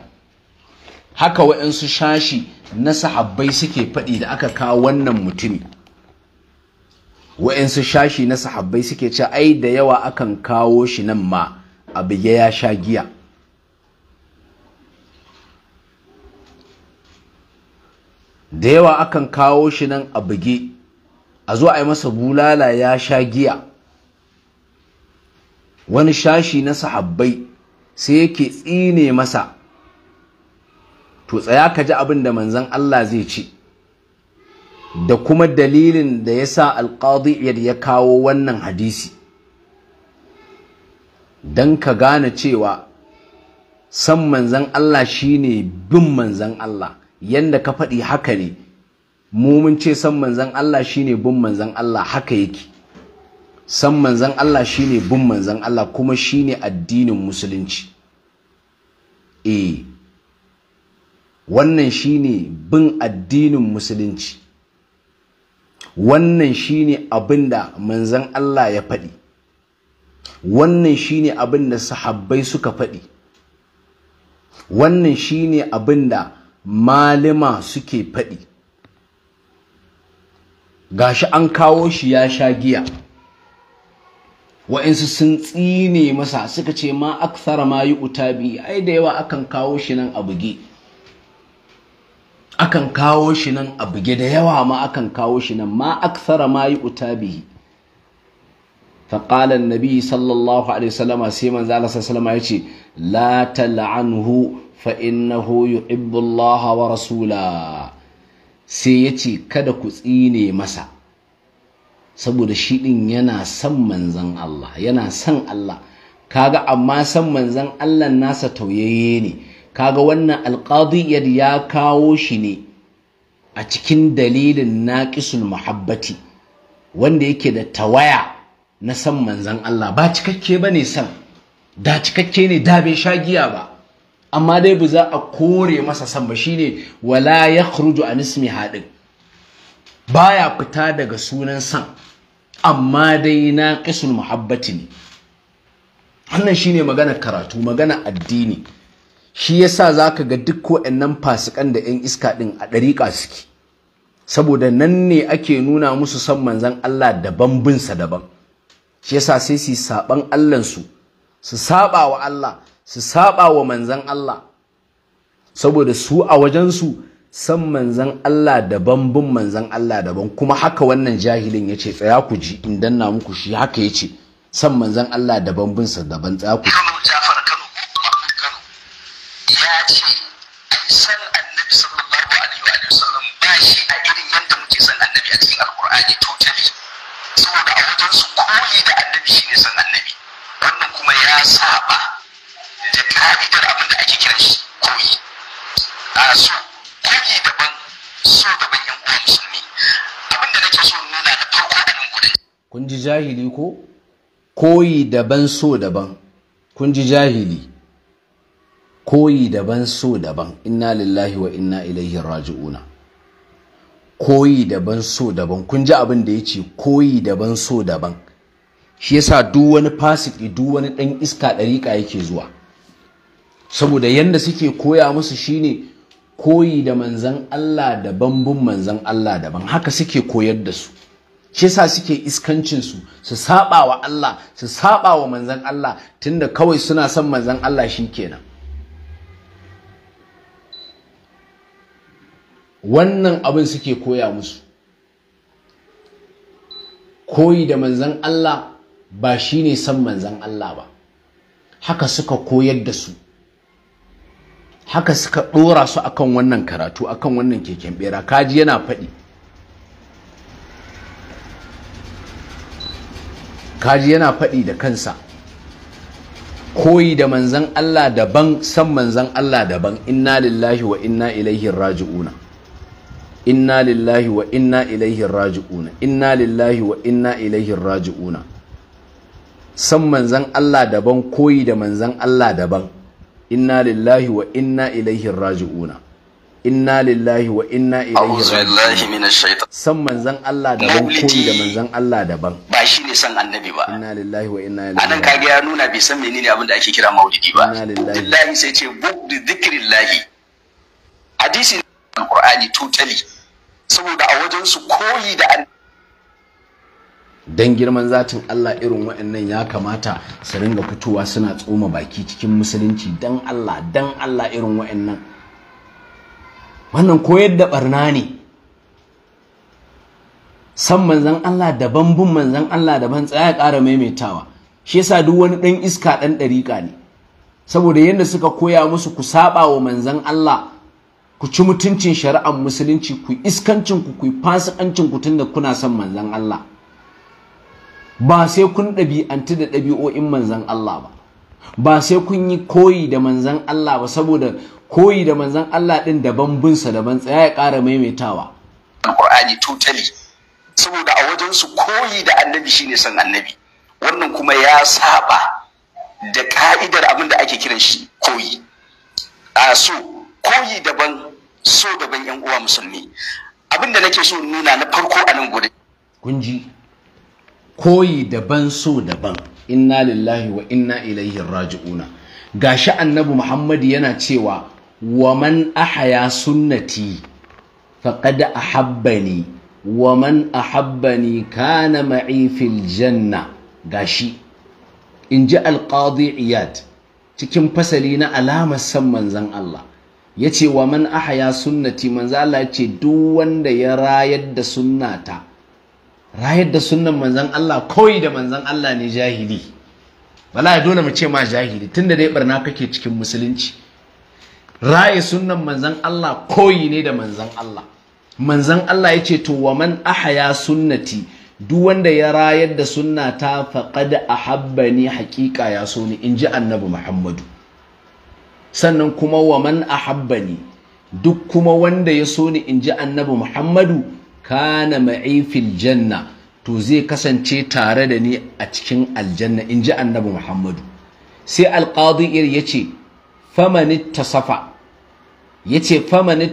haka waɗansu shashi na sahabbai suke faɗi da aka kawo wannan mutumi waɗansu shashi na sahabbai suke ce ai da yawa akan kawo shi nan ma a buge ya sha giya da yawa akan kawo shi nan a buge a zo a yi masa bulala ya sha giya wani shashi na sahabbai sai yake tsine masa to tsaya ka ji abin da manzon Allah zai ci da kuma dalilin da ya sa alƙadiyar ya kawo wannan hadisi don ka gane cewa san manzon Allah shine bin manzon Allah yanda ka faɗi haka ne mu mun ce san manzan Allah shine bin manzan Allah haka yake san manzan Allah shine bin manzan Allah kuma shine addinin musulunci eh wannan shine bin addinin musulunci wannan shine abinda manzan Allah ya faɗi wannan shine abinda sahabbai suka faɗi wannan shine abinda malama suke faɗi gashi an kawo shi ya sha giya wa'insu sun tsine masa suka ce ma aksara ma yi utabi ai da yawa akan kawo shi nan a buge akan kawo shi nan a buge da yawa ma akan kawo shi nan ma aksara ma yi utabi فقال النبي صلى الله عليه وسلم سيما زال صلى الله عليه وسلم لا تلعنه فإنه يحب الله ورسوله sai ya ce kada ku tsine masa saboda shi ɗin yana son manzan Allah yana son Allah kaga amma son manzan Allah nasa tauyayye ne kaga wannan alƙadiyyar ya kawo shi ne a cikin dalilin naƙisul muhabbati wanda yake da tawaya na son manzan Allah ba cikakke ba ne son da cikakke ne da bai sha giya ba amma dai ba za a kore masa san ba shine wala yakhruju an haɗin." Ba baya fita daga sunan san amma dai na qisul muhabbati ne wannan shine magana karatu magana addini shi yasa zaka ga duk nan fasikan da 'yan iska din a ɗariƙa suke saboda nan ne ake nuna musu san manzan Allah daban binsa daban shi yasa sai su saban Allah su su saɓa wa Allah su saba wa manzan Allah saboda su a wajensu san manzan Allah daban bin manzan Allah daban kuma haka wannan jahilin ya ce tsaya ku ji in danna muku shi haka ya ce san manzan Allah daban bin sa daban tsaya ku ya ce san irin yadda muke san annabi a saba da ka'idar abin da ake kiran shi koyi a so koyi daban so daban yan uwa musulmi abin da nake so nuna na farko a nan gudun kun ji jahili ko koyi daban so daban kun ji jahili koyi daban so daban inna lillahi wa inna ilaihi raji'una koyi daban so daban kun ji abin da ya ce koyi daban so daban shi yasa duk wani fasiki duk wani ɗan iska ɗariƙa yake zuwa saboda yadda suke koya musu shine koyi da manzan Allah da bambun manzan Allah daban haka suke koyar da su shi yasa suke iskancin su su saba wa Allah su saba wa manzan Allah tunda kawai suna son manzan Allah shikenan wannan abin suke koya musu koyi da manzan Allah ba shine son manzan Allah ba haka suka koyar da su haka suka ɗora su akan wannan karatu akan wannan keken bera kaji yana faɗi kaji yana faɗi da kansa koyi da manzan Allah daban san manzan Allah daban inna lillahi wa inna ilaihi raji'una inna lillahi wa inna ilaihi raji'una inna lillahi wa inna ilaihi raji'una san manzan Allah daban koyi da manzan Allah daban inna lillahi wa inna ilaihi raji'una inna lillahi wa inna ilaihi raji'una san manzan Allah daban koyi da manzan Allah daban ba shi ne san annabi ba inna lillahi wa inna ilaihi anan kage ya nuna bai san menene abin da ake kira maulidi ba lillahi sai ce bugd dhikrillahi hadisi alqur'ani totally saboda a wajen su koyi da annabi don girman zatin Allah irin waɗannan ya kamata su ringa fitowa suna tsoma baki cikin musulunci don Allah don Allah irin waɗannan wannan koyar da barna ne san manzan Allah daban bin manzan Allah daban tsaya ƙara maimaitawa shi yasa duk wani ɗan iska ɗan ɗariƙa ne saboda yadda suka koya musu ku saba wa manzan Allah ku ci mutuncin shari'ar musulunci ku iskancin ku ku fasikancin ku tunda kuna son manzan Allah ba sai kun ɗabi'antu da ɗabi'o'in manzan Allah ba ba sai kun yi koyi da manzan Allah ba saboda koyi da manzan Allah ɗin daban binsa daban tsaya ya ƙara maimaitawa Qur'ani totally saboda a wajen su koyi da annabi shine san annabi wannan kuma ya saba da ka'idar abin da ake kiran shi koyi a so koyi daban so daban yan uwa musulmi abin da nake so nuna na farko a nan gudu kun ji koyi daban so daban inna lillahi wa inna ilaihi raji'una gashi annabi Muhammadu yana cewa wa man ahaya sunnati faqad ahabbani wa man ahabbani kana ma'i fil janna gashi ji alqadi iyad cikin fasali na alamar san manzon Allah yace wa man ahaya sunnati manzo Allah yace duk wanda ya rayar da sunnata rayar da sunan manzan Allah koyi da manzan Allah ne jahili bala ya dole mu ce ma jahili tunda dai barna kake cikin musulunci raye sunan manzan Allah koyi ne da manzan Allah manzan Allah ya ce to waman man ahaya sunnati duk wanda ya rayar da sunna ta faqad ahabbani haƙiƙa ya so ni inji annabi Muhammadu sannan kuma wa man ahabbani duk kuma wanda ya so ni inji annabi Muhammadu kana ma'i fil janna to zai kasance tare da ni a cikin aljanna in ji annabi muhammadu sai alƙadir ya ce tasafa ya ce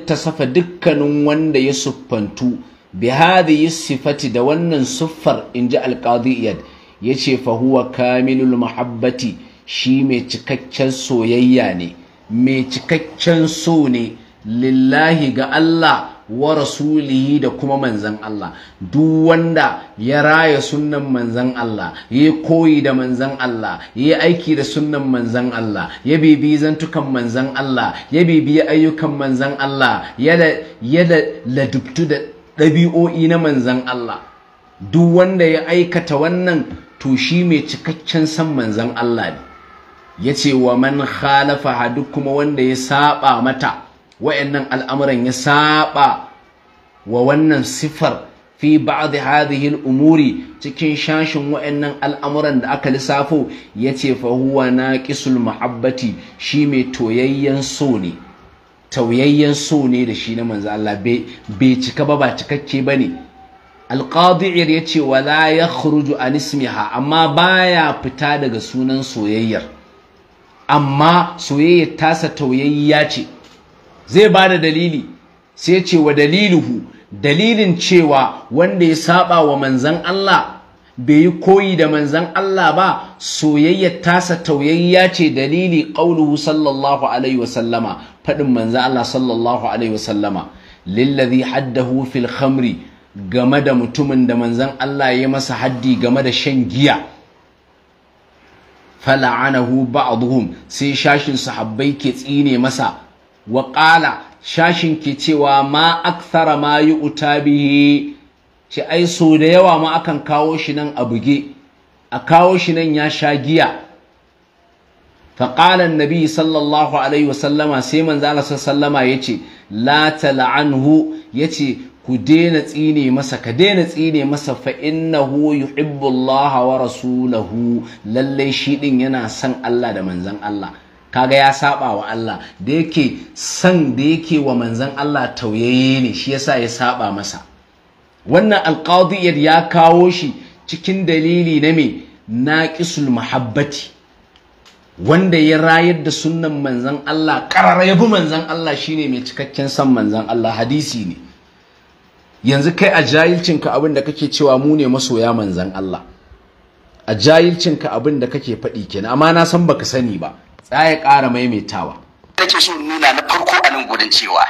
tasafa dukkanin wanda ya siffantu bi hadhihi sifati da wannan siffar inji ji yace ya ce fa kamilul muhabbati shi mai cikakken soyayya ne mai cikakken so ne lillahi ga Allah wa rasulihi da kuma manzan Allah duk wanda ya raya sunnan manzan Allah ya koyi da manzan Allah ya aiki da sunnan manzan Allah ya bibi zantukan manzan Allah ya bibi ayyukan manzan Allah ya da ladubtu da ɗabi'o'i na manzan Allah duk wanda ya aikata wannan to shi mai cikakken san manzan Allah ne yace wa man khalafa hadu kuma wanda ya saba mata wa'annan al'amuran ya saba wa wannan sifar fi ba'd hadhihi al-umuri cikin shashin wa'annan al'amuran da aka lissafo yace fa huwa naqisul muhabbati shi mai toyayyen so ne tauyayyen so ne da shi na manzo Allah bai cika ba ba cikakke bane al-qadi'ir yace wala yakhruju an ismiha amma baya fita daga sunan soyayyar amma soyayyar tasa tauyayya ce zai ba da dalili sai ce wa daliluhu dalilin cewa wanda ya saba wa manzan Allah bai yi koyi da manzan Allah ba soyayya tasa tauyayya ce dalili qauluhu sallallahu alaihi wasallama fadin manzan Allah sallallahu alaihi wasallama lilladhi, haddahu fil khamri game da mutumin da manzan Allah ya masa haddi game da shan giya fala'anahu ba'dhum sai shashin sahabbai ke tsine masa waƙala shashin ke cewa ma aksara ma yi uta ce ai sau da yawa ma akan kawo shi nan a buge a kawo shi nan ya sha giya faƙalan nabi sallallahu alaihi wasallama sai man zala sallama ya ce la hu?" ya ce ku daina tsine masa ka daina tsine masa fa innahu hu allaha wa rasulahu shi din yana son allah da manzan allah kaga ya saba wa Allah da yake san da yake wa manzon Allah tauyayye ne shi yasa ya saba masa wannan alqadiyar ya kawo shi cikin dalili na me naqisul muhabbati wanda ya rayar da sunnan manzon Allah karara ya bi manzon Allah shine mai cikakken san manzon Allah hadisi ne yanzu kai a jahilcinka abin da kake cewa mu ne masoya manzon Allah a jahilcinka abin da kake faɗi kenan amma na san baka sani ba ya ƙara maimaitawa ke so nuna na farko a nan gudun cewa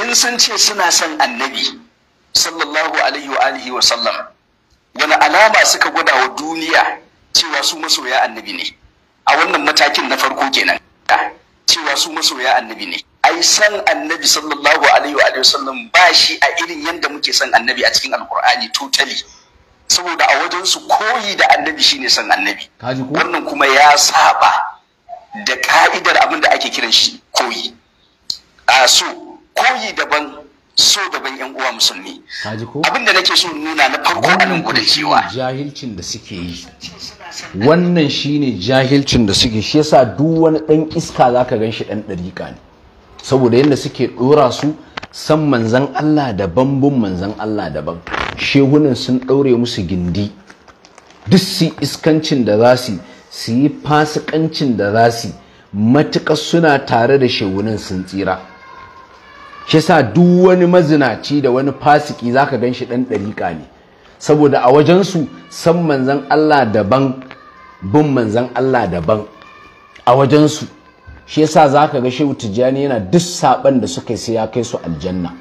in sun ce suna son annabi sallallahu alaihi wa alihi wa sallam wani alama suka gwada wa duniya cewa su masoya annabi ne a wannan matakin na farko kenan cewa su masoya annabi ne ai san annabi sallallahu alaihi wa alihi wa sallam ba shi a irin yadda muke son annabi a cikin alkur'ani totally saboda a wajen su koyi da annabi shine son annabi wannan kuma ya saba da ka'idar abin da ake kiran shi koyi a so koyi daban so daban yan uwa musulmi abin da nake so nuna na farko a nan gudun cewa jahilcin da suke yi wannan shine jahilcin da suke shi yasa duk wani dan iska zaka gan shi dan dariƙa ne saboda yadda suke dora su san manzan Allah daban bambun manzan Allah daban shehunan sun ɗaure musu gindi duk su iskancin da za su yi su yi fasikancin da za su matuƙa suna tare da shewunan sun tsira shi sa duk wani mazinaci da wani fasiki za ka gan shi ɗan ɗariƙa ne saboda a wajensu san manzan Allah daban bin manzan Allah daban a wajensu shi ya sa za ka ga shehu tijjani yana duk saɓan da suka yi sai ya kai su aljanna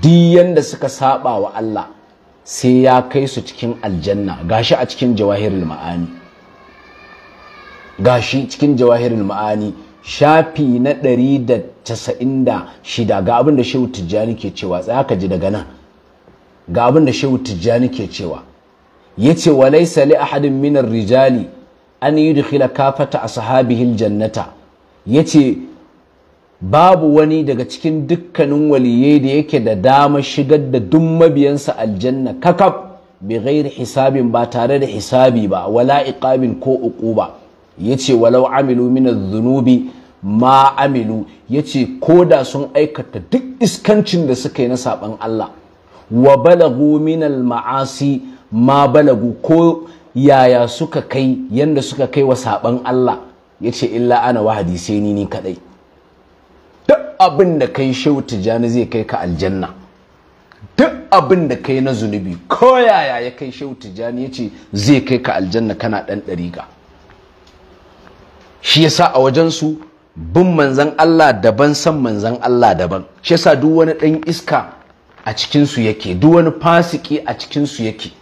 duk yanda suka saɓa wa Allah sai ya kai su cikin aljanna gashi a cikin jawahirul ma'ani gashi cikin jawahirin ma'ani shafi na 196 ga abin da shehu tijjani ke cewa tsaya ka ji daga nan ga abin da shehu tijjani ke cewa yace wa laisa li ahadin minar rijali an yi dukila kafata a jannata ya yace babu wani daga cikin dukkanin waliyai da yake da dama shigar da dun mabiyansa aljanna kakaf bai gairi hisabin ba tare da hisabi ba wala iqabin ko ba. yace walau amilu min dhunubi ma amilu yace koda sun aikata duk iskancin da suka yi na saban Allah wa balagu min ma'asi ma balagu ko yaya suka kai yanda suka kai wa saban Allah yace illa ana wahadi sai ni ni kadai duk abin da kai shehu tijani zai kai ka aljanna duk abin da kai na zunubi ko yaya ya kai shehu ya yace zai kai ka aljanna kana dan dariga shi yasa a wajensu bin manzan Allah daban san manzan Allah daban shi yasa duk wani ɗan iska a cikinsu yake duk wani fasiki a cikinsu yake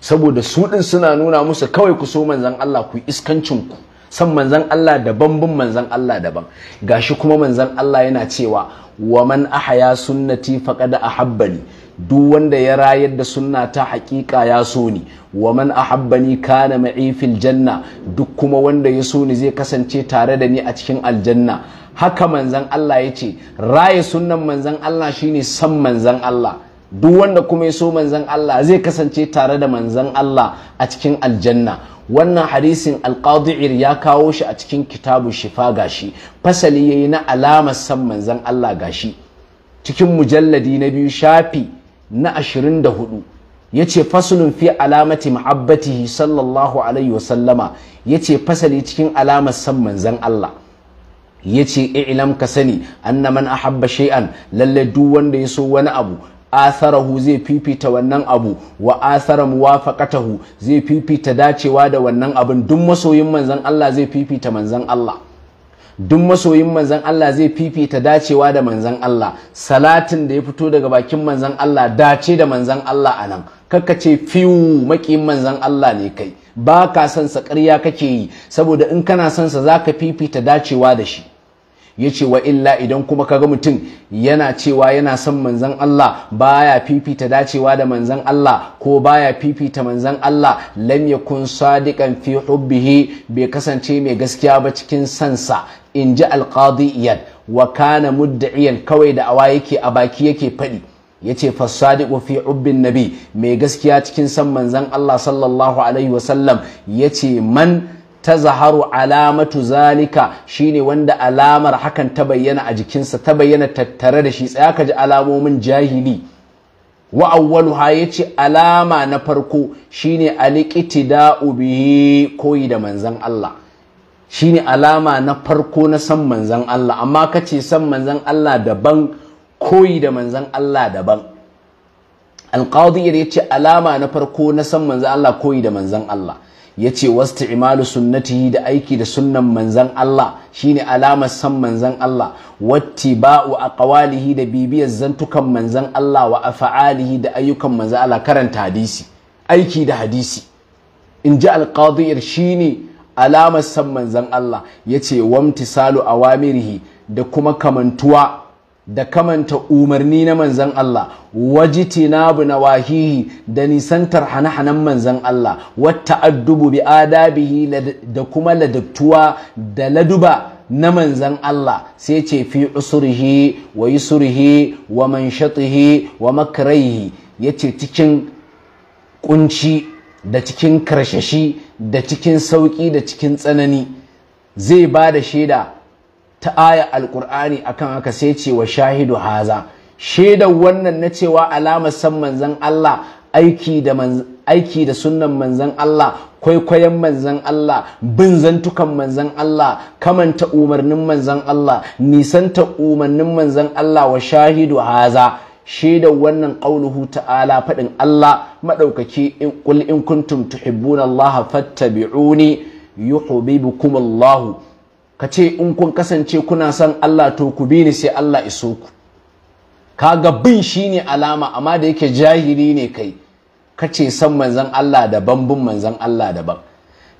saboda su ɗin suna nuna musu kawai ku so manzan Allah ku iskancin ku san manzan Allah daban bin manzan Allah daban gashi kuma manzan Allah yana cewa wa man ahya sunnati faqad ahabbani duk wanda ya rayar da sunna ta haƙiƙa ya so ni wa man ahabbani kana ma'i fil janna duk kuma wanda ya so ni zai kasance tare da ni a cikin aljanna haka manzan Allah ya ce raye sunnan manzan Allah shine san manzan Allah duk wanda kuma ya so manzan Allah zai kasance tare da manzan Allah a cikin aljanna wannan hadisin alqadir ya kawo shi a cikin kitabu shifa gashi fasali yayi na alamar san manzan Allah gashi cikin mujalladi na biyu shafi na ashirin da 24 yace faslun fi alamati muhabbatihi sallallahu alaihi wasallama yace fasali cikin alamar san Manzan Allah yace i'lam ka sani anna man ahabba shay'an lalle duk wanda ya so wani abu atharahu zai fifita wannan abu wa athara muwafaqatahu zai fifita dacewa da wannan abin duk masoyin Manzan Allah zai fifita Manzan Allah duk masoyin manzan Allah zai fifita dacewa da manzan Allah salatin da ya fito daga bakin manzan Allah dace da manzan Allah anan kakka ce fiwu makiyin manzan Allah ne kai ba ka son sa ƙarya kake yi saboda in kana son sa zaka fifita dacewa da shi ya ce wa illa idan kuma kaga mutum yana cewa yana son manzan Allah baya fifita dacewa da manzan Allah ko baya fifita manzan Allah lam yakun sadiqan fi hubbihi bai kasance mai gaskiya ba cikin sansa in ji alqadi iyad wa kana mudda'iyan kawai da awa yake a baki yake faɗi yace wa fi ubbin nabi mai gaskiya cikin san manzan Allah sallallahu alaihi wasallam yace man Zaharu, alamatu zalika shine wanda alamar hakan ta bayyana a jikinsa ta bayyana tattare da shi tsaya ka ji alamomin jahili wa ha yace alama na farko shine aliqtida'u bihi koyi da manzan Allah shine alama na farko na san manzan Allah amma ka ce san manzan Allah daban koyi da manzan Allah daban alqadi ya ce alama na farko na san manzan Allah koyi da manzan Allah ya ce wasti'imalu sunnatihi da aiki da sunnan manzan Allah shine alama san manzan Allah ba'u a ƙawalihi da bibiyar zantukan manzan Allah wa a af'alihi da ayyukan manzan Allah karanta hadisi aiki da hadisi in ji shi shine alamar san manzan Allah ya ce wamtisalu awamirihi da kuma kamantuwa da kamanta umarni na manzan Allah wajitinabu wahihi da nisantar hane-hanen manzan Allah wata addubu bi adabihi da kuma ladabtuwa da laduba na manzan Allah sai ce fi usurhi wa yusurhi wa manshatihi wa ya ce cikin kunci da cikin karshashi da cikin sauƙi da cikin tsanani zai ba da shaida ta aya alƙur'ani akan haka sai ce wa shahidu haza shaidar wannan na cewa alama san manzan Allah aiki da sunan manzan Allah kwaikwayon manzan Allah bin zantukan manzan Allah kamanta umarnin manzan Allah nisanta umarnin manzan Allah wa shahidu haza shaidar wannan ta ta'ala faɗin Allah maɗaukaki in qul in kuntum tuhibbuna Allah fattabi'uni yuhibbukum Allah kace in kun kasance kuna son Allah to ku bi ni sai Allah iso ku kaga bin shine alama amma da yake jahili ne kai kace san manzon Allah daban bin manzon Allah daban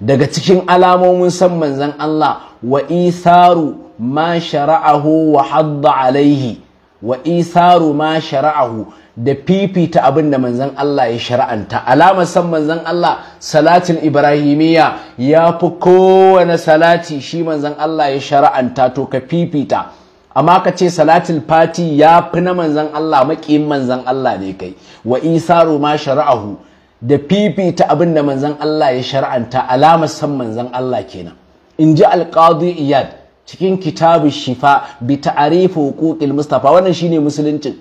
daga cikin alamomin san manzon Allah wa isaru ma shara'ahu wa hadda alaihi wa isaru ma shara'ahu da fifita abin da manzon Allah ya shara'anta alamar san manzon Allah salatin ibrahimiyya ya fi kowane salati shi manzon Allah ya shara'anta to ka fifita amma ka ce salatin fati ya fi na manzon Allah maƙiyin manzon Allah ne kai wa isaru ma shara'ahu da fifita abin da manzon Allah ya shara'anta alamar san manzon Allah kenan in ji alƙadi iyad cikin kitabu shifa bi ta'arifu huquqil mustafa wannan shine musulunci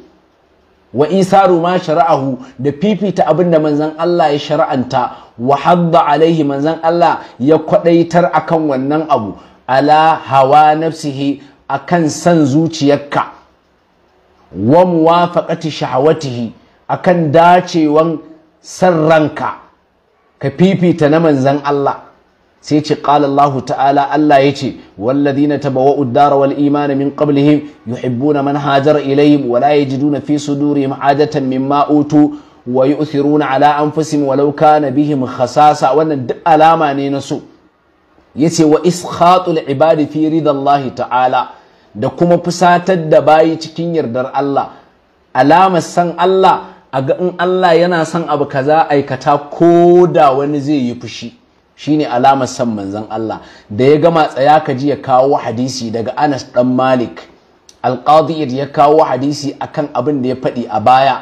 wa isaru ma shara'ahu da fifita abin da manzon Allah ya shara'anta wa hadda alaihi manzon Allah ya kwadaitar akan wannan abu ala hawa nafsihi akan san zuciyarka wa muwafaqati shahawatihi akan dacewan san ranka ka fifita na manzon Allah sai ce Allah ta'ala Allah yace walladhina taba ad-dara wal imana min qablihim yuhibbuna man hajara ilayhim wa la yajiduna fi sudurihim hajatan mimma utu wa yu'thiruna ala anfusihim walau kana bihim khasasa wannan duk alama ne na su yace wa iskhatul ibadi fi ridallahi ta'ala da kuma fusatar da bayi cikin yardar Allah alamar san Allah a ga in Allah yana son abu kaza aikata ko da wani zai yi fushi shine alamar san manzon Allah da ya gama tsaya ka ji ya kawo hadisi daga Anas dan Malik alqadi ya kawo hadisi akan abin da ya faɗi a baya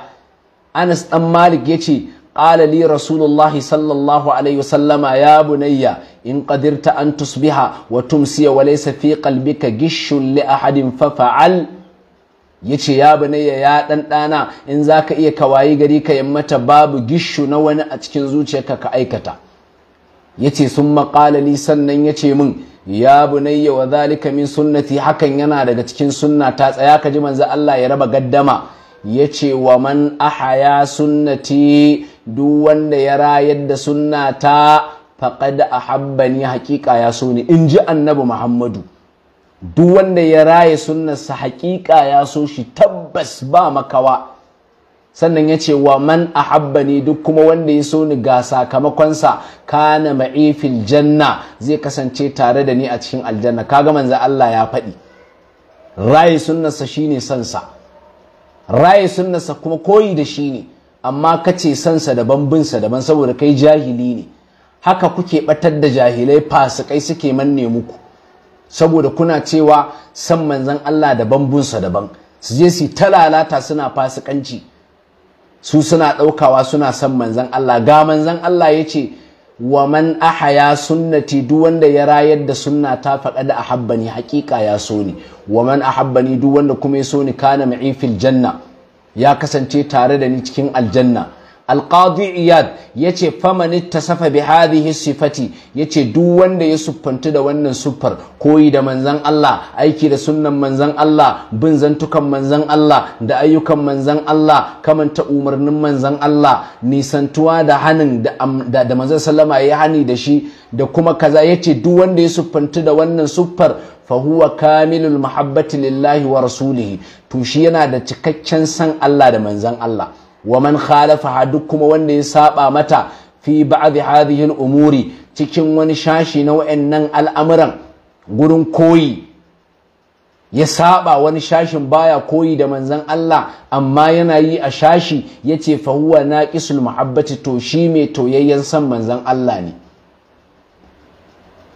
Anas dan Malik yace qala li rasulullahi sallallahu alaihi wasallama ya bunayya in ƙadirta an tusbiha wa tumsiya wa laysa fi qalbika gishun li ahadin fa fa'al ya ce ya bunayya ya ɗanɗana, in za ka iya kawayi gari ka yammata babu gishu na wani a cikin zuciyarka ka aikata yace sun maƙalali sannan ya ce min ya bunayya wa zalika min sunnati hakan yana daga cikin sunna ta tsaya ka ji manzo Allah ya raba gaddama Ya ce wa man ahaya sunnati duk wanda ya rayar da sunna ta a ahabbani haƙiƙa ya so ni ji annabi Muhammadu duk wanda ya raye sunnarsa haƙiƙa ya so shi tabbas ba makawa sannan ya ce wa man a ne duk kuma wanda ya so ni ga sakamakonsa kana ma'i janna zai kasance tare da ni a cikin aljanna kaga manzo Allah ya faɗi raye sunnarsa shine sansa raye sunnarsa kuma koyi da shi ne amma kace sansa daban binsa daban saboda kai jahili ne haka kuke batar da jahilai fasikai suke manne muku saboda kuna cewa san manzon Allah da binsa daban su je su ta lalata suna fasikanci su suna ɗaukawa suna son manzan Allah ga manzan Allah ya ce wa man ahaya sunnati duk wanda ya rayar da sunna ta faɗa da ahabbani haƙiƙa ya so ni wa man ahabbani duk wanda kuma ya so ni kana ma'ifil janna ya kasance tare da ni cikin aljanna alqadi iyad yace faman ittasafa bi hadhihi sifati yace duk wanda ya suffantu da wannan suffar koyi da manzan Allah aiki da sunnan manzan Allah bin zantukan manzan Allah da ayyukan manzan Allah kamanta umarnin manzan Allah nisantuwa da hanin da da manzon sallama ya hani da shi da kuma kaza yace duk wanda ya suffantu da wannan suffar fahuwa kamilul mahabbati lillahi wa rasulihi to shi yana da cikakken san Allah da manzan Allah wa man khalafaha duk kuma wanda ya saba mata fi ba'd hadhihi umuri cikin wani shashi na wayannan al'amuran gurin koyi ya saba wani shashin baya koyi da manzon Allah amma yana yi a shashi yace fa huwa naqisul muhabbati to shi mai toyayyan san manzon Allah ne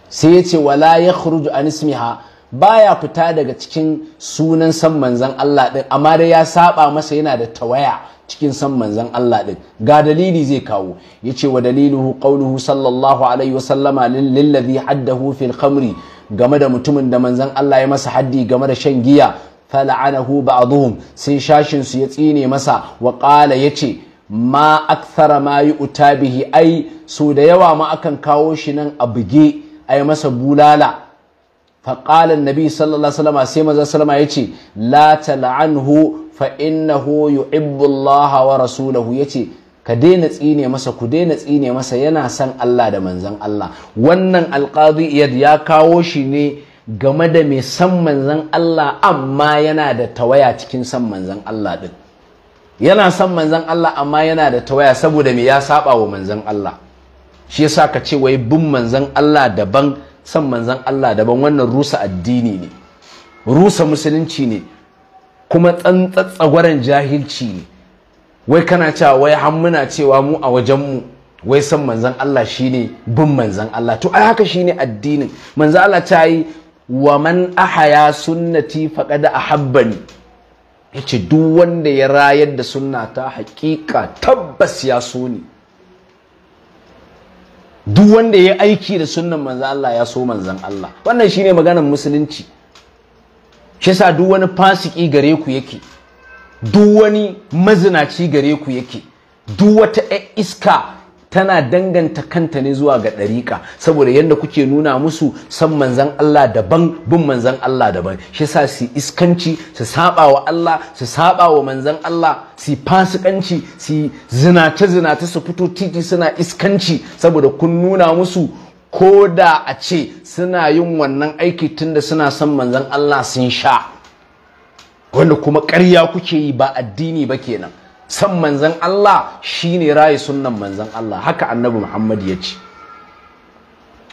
sai yace wala yakhruju an ismiha baya fita daga cikin sunan san manzon Allah din amma dai ya saba masa yana da tawaya cikin san manzan Allah din ga dalili zai kawo yace wa daliluhu qawluhu sallallahu alaihi wa sallama lillazi haddahu fil khamri game da mutumin da manzan Allah ya masa haddi game da shan giya fal'anahu ba'dhum sai shashin su ya tsine masa wa qala yace ma akthara ma yu'ta bihi ai so da yawa ma akan kawo shi nan a buge ai masa bulala faƙalan nabi sallallahu alaihi sai maza sallama ya ce la tal'anhu fa innahu yu'ibbu Allah wa rasulahu ya ce ka daina tsine masa ku daina tsine masa yana son Allah da manzan Allah wannan alqadi iyad ya kawo shi ne game da mai san manzan Allah amma yana da tawaya cikin san manzan Allah din yana son manzan Allah amma yana da tawaya saboda me ya saba wa manzan Allah shi yasa ka ce wai bin manzan Allah daban son manzan Allah daban wannan rusa addini ne rusa musulunci ne kuma tsantsatsagwaren jahilci ne wai kana cewa wai hammuna cewa mu a wajenmu wai son manzan Allah shi ne, bin manzan Allah to ai haka shi ne addinin manzan Allah ta yi wa man ahaya sunnati da ahabbani ce duk wanda ya rayar da sunna ta haƙiƙa tabbas ya so ni duk wanda ya aiki da sunnan manzan Allah ya so manzan Allah wannan shine maganar musulunci shi yasa duk wani fasiki gare ku yake duk wani mazinaci gare ku yake duk wata iska tana danganta kanta ne zuwa ga ɗariƙa saboda yadda kuke nuna musu san manzan Allah daban bin manzan Allah daban shi sa su iskanci su saba wa Allah su saba wa manzan Allah su fasikanci su zinace zinace su fito titi suna iskanci saboda kun nuna musu ko da a ce suna yin wannan aiki tunda suna san manzan Allah sun sha wanda kuma karya kuke yi ba addini ba kenan san manzan Allah shine rayu sunnan manzan Allah haka annabi Muhammad ya ce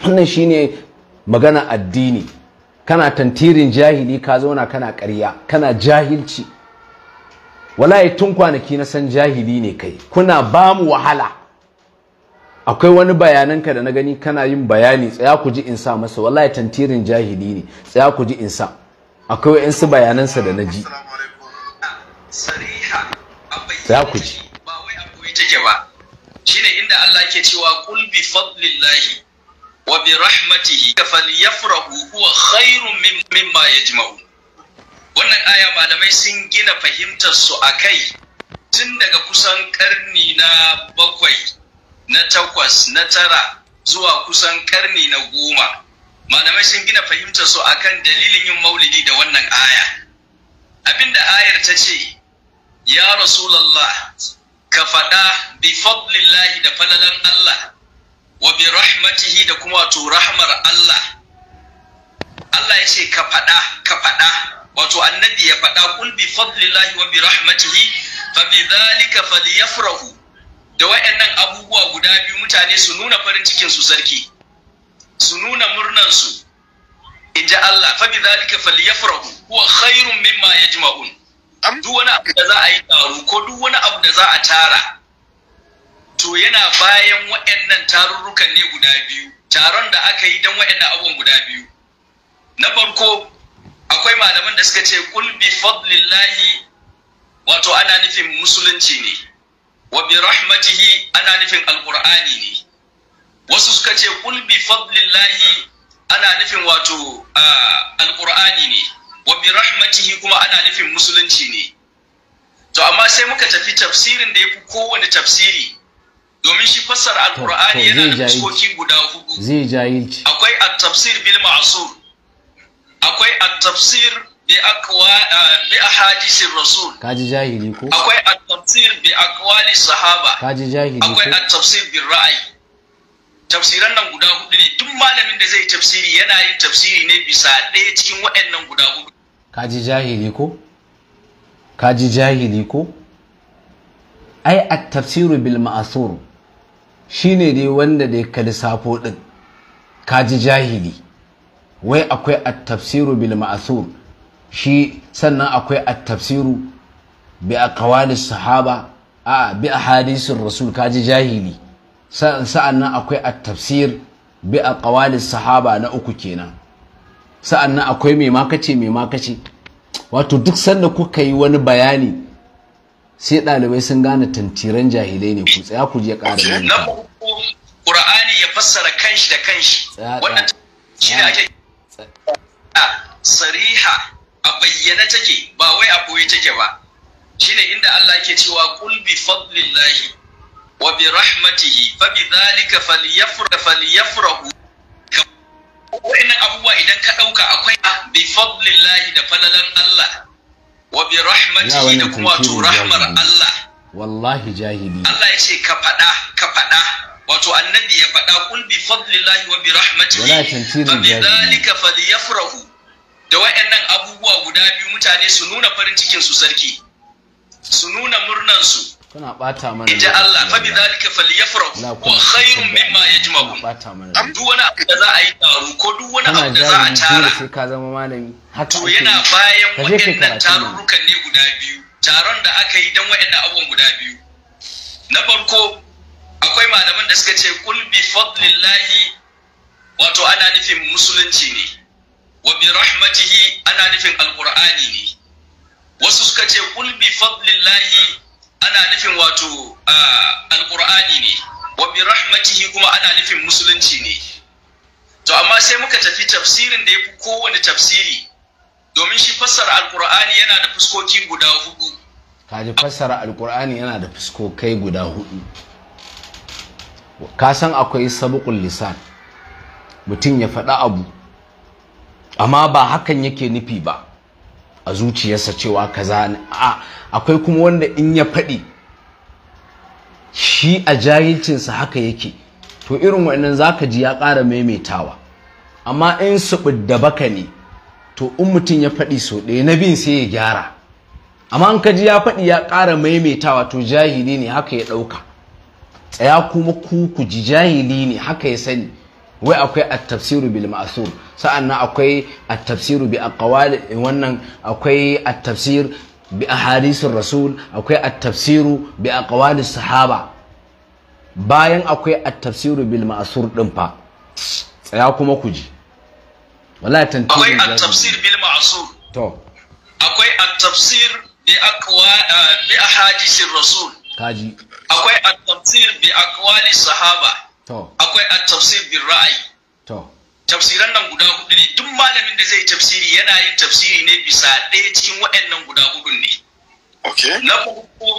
wannan shine magana addini kana tantirin jahili ka zauna kana karya kana jahilci wallahi tun kwanaki na san jahili ne kai kuna ba mu wahala akwai wani bayananka da na gani kana yin bayani tsaya ku ji in sa masa wallahi tantirin jahili ne tsaya ku ji in sa akwai 'yansu bayanansa da na ji za ku ji ba wai a koyi take ba shine inda Allah yake cewa kul bi fadlillahi wa bi rahmatihi falyafrahu huwa khairun mimma yajma'u wannan aya malamai sun gina fahimtar su akai tun daga kusan karni na bakwai na takwas na tara zuwa kusan karni na goma malamai sun gina fahimtar su akan dalilin yin maulidi da wannan aya abinda ayar ta ce ya rasulallah ka faɗa bi fadlillahi da falalan Allah wa bi rahmatihi da kuma wato rahmar Allah Allah ya ce ka faɗa ka faɗa wato annabi ya faɗa kul bi fadlillahi wa bi rahmatihi fa bi dhalika falyafrahu da wayannan abubuwa guda biyu mutane su nuna farin cikin su sarki su nuna murnan su inja Allah fa bi dhalika falyafrahu huwa khairun mimma yajma'un duk wani abu da za a yi taro ko duk wani abu da za a tara to yana bayan waɗannan tarurrukan ne guda biyu taron da aka yi don waɗannan abubuwan guda biyu na farko akwai malaman da suka ce kul bi fadlillahi wato ana nufin musulunci ne wa bi rahmatihi ana nufin alqur'ani ne wasu suka ce kul bi fadlillahi ana nufin wato ah, alqur'ani ne wa bi rahmatihi kuma ana nufin musulunci ne to amma sai muka tafi tafsirin da yafi kowane tafsiri domin shi fassara alqur'ani yana da fuskoki guda hudu zai jahilci akwai at-tafsir bil ma'sur akwai at-tafsir bi aqwa bi ahadisir rasul kaji jahili ko akwai at-tafsir bi aqwali sahaba kaji jahili ko akwai at-tafsir bil ra'ayi tafsiran nan guda hudu ne duk malamin da zai tafsiri yana yin tafsiri ne bisa ɗaya cikin waɗannan guda hudu kaji jahili ko kaji jahili ko ai a tafsiru bil ma'thur shine dai wanda dai ka lissafo din kaji jahili wai akwai at tafsiru bil ma'thur shi sannan akwai at tafsiru bi aqwali sahaba a bi ahadisir rasul kaji jahili sa'annan akwai at tafsir bi aqwali sahaba na uku kenan sa'an nan akwai mai makace mai makace wato duk sanda kuka yi wani bayani sai ɗalibai sun gane tantiran jahilai ne ku tsaya ku je ƙarin na Qur'ani ya fassara kanshi da kanshi wannan shi ne ake sariha a bayyana take ba wai a boye take ba shine inda Allah yake cewa qul bi fadlillahi wa bi rahmatihi fa bi dhalika falyafrahu wa'annan abubuwa idan ka ɗauka akwai bi fadlillahi da falalan Allah wa bi rahmatihi da kuma to rahmar Allah wallahi jahili Allah ya ce ka faɗa ka faɗa wato annabi ya faɗa kul bi fadlillahi wa bi rahmatihi fa bi dalika falyafrahu da wa'annan abubuwa guda biyu mutane su nuna farin cikin su sarki su nuna murnan su suna bata mana ita Allah fa bidhalika falyafrahu wa khayrun mimma yajma'un bata duk wani abu da za a yi taro ko duk wani abu da za a tara sai ka zama malami haka to yana bayan waɗannan tarurrukan ne guda biyu taron da aka yi dan waɗannan abubuwan guda biyu na farko akwai malaman da suka ce kul bi fadlillahi wato ana nufin musulunci ne wa bi rahmatihi ana nufin alqur'ani ne wasu suka ce kul bi fadlillahi ana nufin wato Alƙur'ani ne wa bi rahmatihi kuma ana nufin musulunci ne to amma sai muka tafi tafsirin da yafi kowane tafsiri domin shi fassara alkur'ani yana da fuskoki guda hudu kaji fassara alkur'ani yana da fuskokai guda hudu ka san akwai sabuqul lisan mutum ya faɗi abu amma ba hakan yake nufi ba a zuciyarsa cewa kaza a akwai kuma wanda in ya faɗi shi a jahilcinsa haka yake to irin wannan zaka ji ya ƙara maimaitawa amma in su da baka ne to in mutum ya faɗi so ɗaya na bin sai ya gyara amma in ka ji ya faɗi ya ƙara maimaitawa to jahili ne haka ya ɗauka tsaya kuma ku ku ji jahili ne haka ya sani wai akwai at-tafsiru bil ma'asur sa'annan akwai a tafsiru bi aqwali eh, wannan akwai a tafsir bi harisun rasul akwai a tafsiru bi aqwali sahaba bayan akwai a tafsiru bil ma'asur din fa tsaya kuma ku ji wallahi tantirin akwai at-tafsir bil to akwai a tafsir bi a eh, bi ahadisir rasul kaji akwai a tafsir bi ra'ayi. sahaba to akwai tafsir bil to tafsiran nan guda hudu ne duk malamin da zai tafsiri yana yin tafsiri ne bisa ɗaya cikin waɗannan guda hudu ne na farko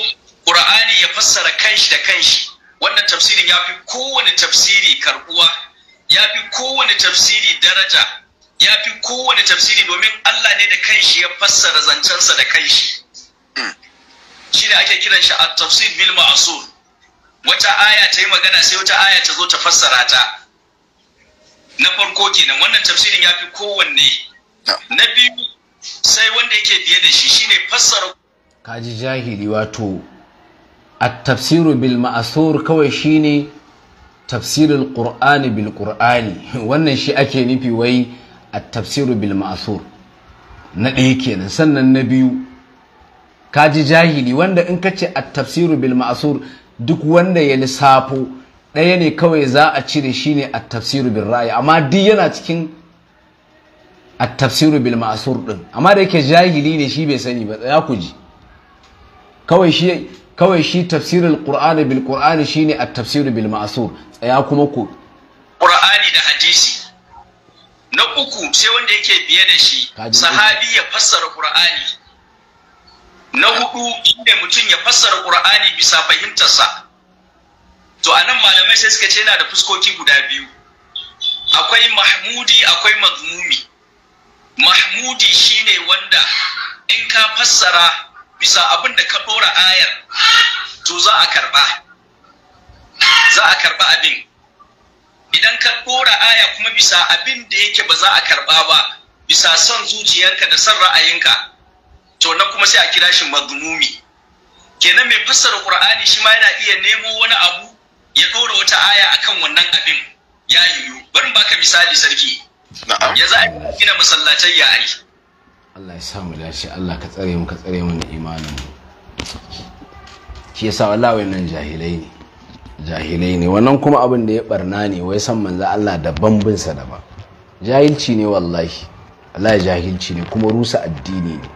qur'ani ya fassara kanshi da kanshi wannan tafsirin ya fi kowane tafsiri karbuwa ya fi kowane tafsiri daraja ya fi kowane tafsiri domin Allah ne da kanshi ya fassara zancensa da kanshi hmm. shi ne ake kiran shi a tafsir bil ma'asur wata aya ta yi magana sai wata aya ta zo ta fassara ta na farko kenan wannan tafsirin ya fi kowanne na biyu sai wanda yake biye da shi shine fassara kaji jahili wato a tafsiru bil ma'asur kawai shine tafsirul qur'ani bil qur'ani wannan shi ake nufi wai a tafsiru bil ma'asur na ɗaya kenan sannan na biyu kaji jahili wanda in ka ce a tafsiru bil ma'asur duk wanda ya lissafo ɗaya ne kawai za a cire shi ne a tafsiru bil ra'ayi amma duk yana cikin a tafsiru bil ma'asur ɗin amma da yake jahili ne shi bai sani ba ya ku ji kawai shi kawai shi tafsirul qur'ani bil qur'ani shine a tafsiru bil ma'asur tsaya kuma ku qur'ani da hadisi na uku sai wanda yake biye da shi sahabi ya fassara qur'ani na hudu ne mutum ya fassara qur'ani bisa fahimtarsa to a nan malamai sai suka ce yana da fuskoki guda biyu akwai mahmudi akwai mazmumi mahmudi shine wanda in ka fassara bisa abin da ka ɗora ayar to za a karba za a karba abin idan ka ɗora aya kuma bisa abin da yake ba za a karba ba bisa son zuciyarka da son ra'ayinka to na kuma sai a kira shi mazmumi kenan mai fassara qur'ani shi ma yana iya nemo wani abu ya ɗora wata aya akan wannan abin ya yiwu bari baka misali sarki Na'am. ya za a gina masallatai ya ai Allah ya sa mu dace Allah ka tsare mu ka tsare mu da imanin mu shi yasa wallahi nan jahilai ne jahilai ne wannan kuma abin da ya barna ne wai san manzo Allah da bambinsa ba. jahilci ne wallahi ya jahilci ne kuma rusa addini ne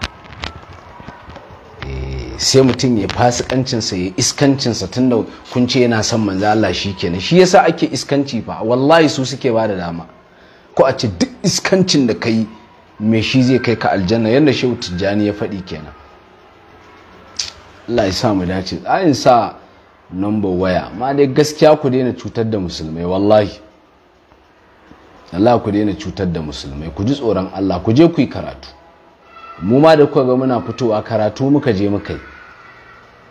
sai mutum ya fasikancinsa ya iskancinsa tun da kun ce yana son manzo Allah shi kenan shi yasa ake iskanci fa wallahi su suke ba da dama ko a ce duk iskancin da ka yi me shi zai kai ka aljanna yadda shehu tijjani ya faɗi kenan Allah ya sa mu dace tsayin sa number waya ma dai gaskiya ku daina cutar da musulmai wallahi Allah ku daina cutar da musulmai ku ji tsoron Allah ku je ku yi karatu mu ma da kuka ga muna fitowa karatu muka je muka yi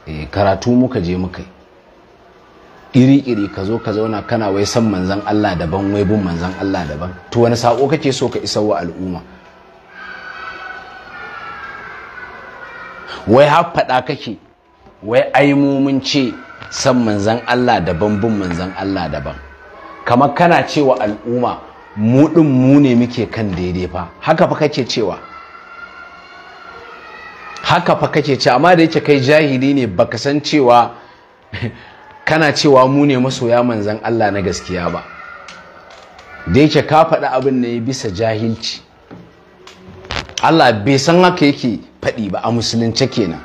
Eh, karatu muka je muka yi iri-iri ka zo ka zauna kana wai san manzan Allah daban wai bin manzan Allah daban to wani sa'o kake so ka isar wa al'umma wai haffaɗa kake wai aimomin ce san manzan Allah daban bin manzan Allah daban kamar kana cewa al'umma mu ɗin mu ne muke kan daidai fa haka fa kake cewa haka fa kake ci amma da yake kai jahili ne baka san cewa kana cewa mu ne masoya manzan Allah na gaskiya ba da yake ka faɗi abin ne bisa jahilci Allah bai san haka yake faɗi ba a musulunce kenan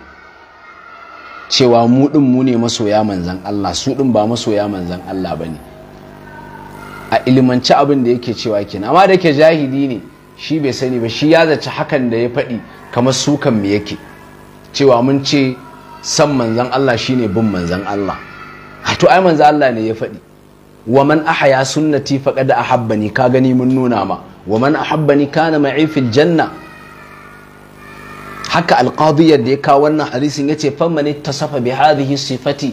cewa mu ɗin mu ne masoya manzan Allah su ɗin ba masoya manzan Allah ba ne a ilmanci abin da yake cewa kenan amma da yake jahili ne shi bai sani ba shi ya zaci hakan da ya faɗi kamar sukan me yake cewa mun ce san manzan Allah shine bin manzan Allah ah, to ai manzan Allah ne ya faɗi wa man ahaya sunnati faqad ahabbani ka gani mun nuna ma wa man ahabbani kana ma'i fil janna haka alqadiyar da ya kawo wannan hadisin yace famman tasafa bi hadhihi sifati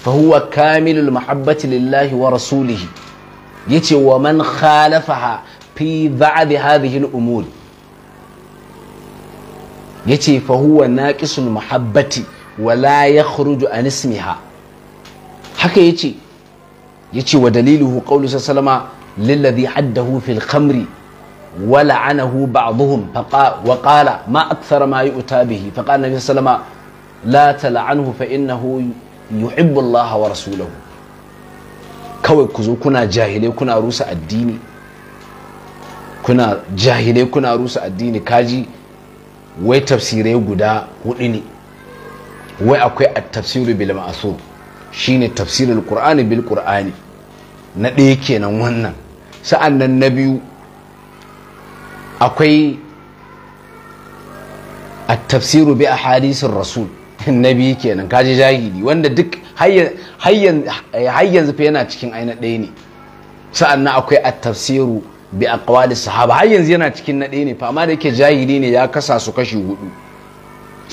fa huwa kamilul mahabbati lillahi wa rasulihi yace wa man khalafaha fi ba'd hadhihi al-umuri yace fa huwa naqisul muhabbati wala yakhruju an ismiha haka yace yace wa daliluhu qawlu sallama lilladhi haddahu fil khamri wa la'anahu ba'dhum faqa wa qala ma akthara ma bihi faqala nabi sallama la tal'anhu fa innahu yuhibbu Allah wa rasulahu kawai ku zo kuna jahilai kuna rusa addini kuna jahilai kuna rusa addini kaji wai tafsirai guda hudu ne wai akwai a tafsiru bil ma'asur shine tafsirin qur'ani bil qur'ani na ɗaya kenan wannan sa'an nan na biyu akwai a tafsiru bi a hadisin rasul na biyu kenan kaji jahili wanda duk har yanzu fa yana cikin aina ɗaya ne sa'an nan akwai a tafsiru bi aqwali sahaba har yanzu yana cikin naɗe ne fa amma da yake jahili ne ya kasa su kashi hudu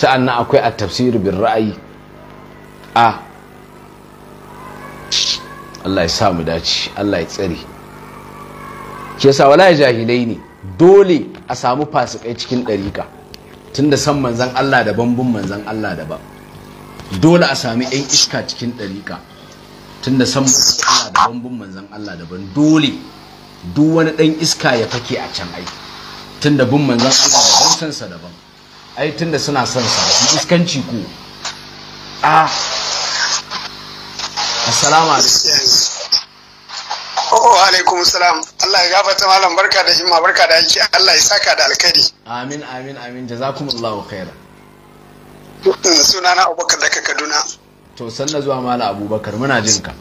nan akwai a tafsir bin ra'ayi a Allah ya sa mu dace Allah ya tsare ke sa wala jahilai ne dole a samu fasikai cikin ɗarika tun da san manzan Allah da bambun manzan Allah da ba dole a sami yan iska cikin ɗarika tun da san manzan Allah da bambun manzan Allah daban dole duk wani dan iska ya fake a can ai tunda bin manzon Allah da san sansa daban ai tunda suna son sa iskanci ko a assalamu alaikum Oh, alaikum salam. Allah ya gafarta malam barka da himma barka da aiki. Allah ya saka da alkhairi. Amin amin amin jazakumullahu khaira. Sunana Abubakar daga Kaduna. To sanna zuwa malam Abubakar muna jinka.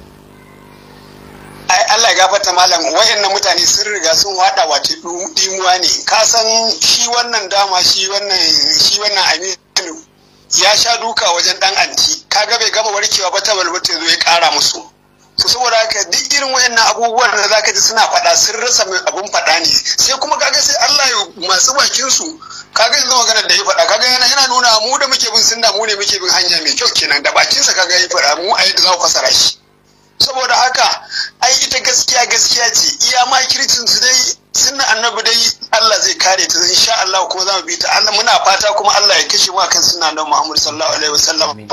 ai Allah ya gafarta malam wayannan mutane sun riga sun wada wace dimuwa ne ka san shi wannan dama shi wannan shi wannan aminu ya sha duka wajen dan anti kaga bai gaba warkewa ba ta balbata zo ya kara musu to saboda haka duk irin wayannan abubuwan da zaka ji suna faɗa sun rasa mai abun faɗa ne sai kuma kaga sai Allah ya masu bakin su kaga yanzu magana da ya faɗa kaga yana yana nuna mu da muke bin sunna mu ne muke bin hanya mai kyau kenan da bakin sa kaga ya faɗa mu a yadda za mu fasara shi saboda haka ai ita gaskiya gaskiya ce iya kirkin su dai sunna annabi dai Allah zai kare ta insha Allah kuma za mu bi ta Allah muna fata kuma Allah ya kashe mu akan sunna annabi Muhammad sallallahu alaihi wasallam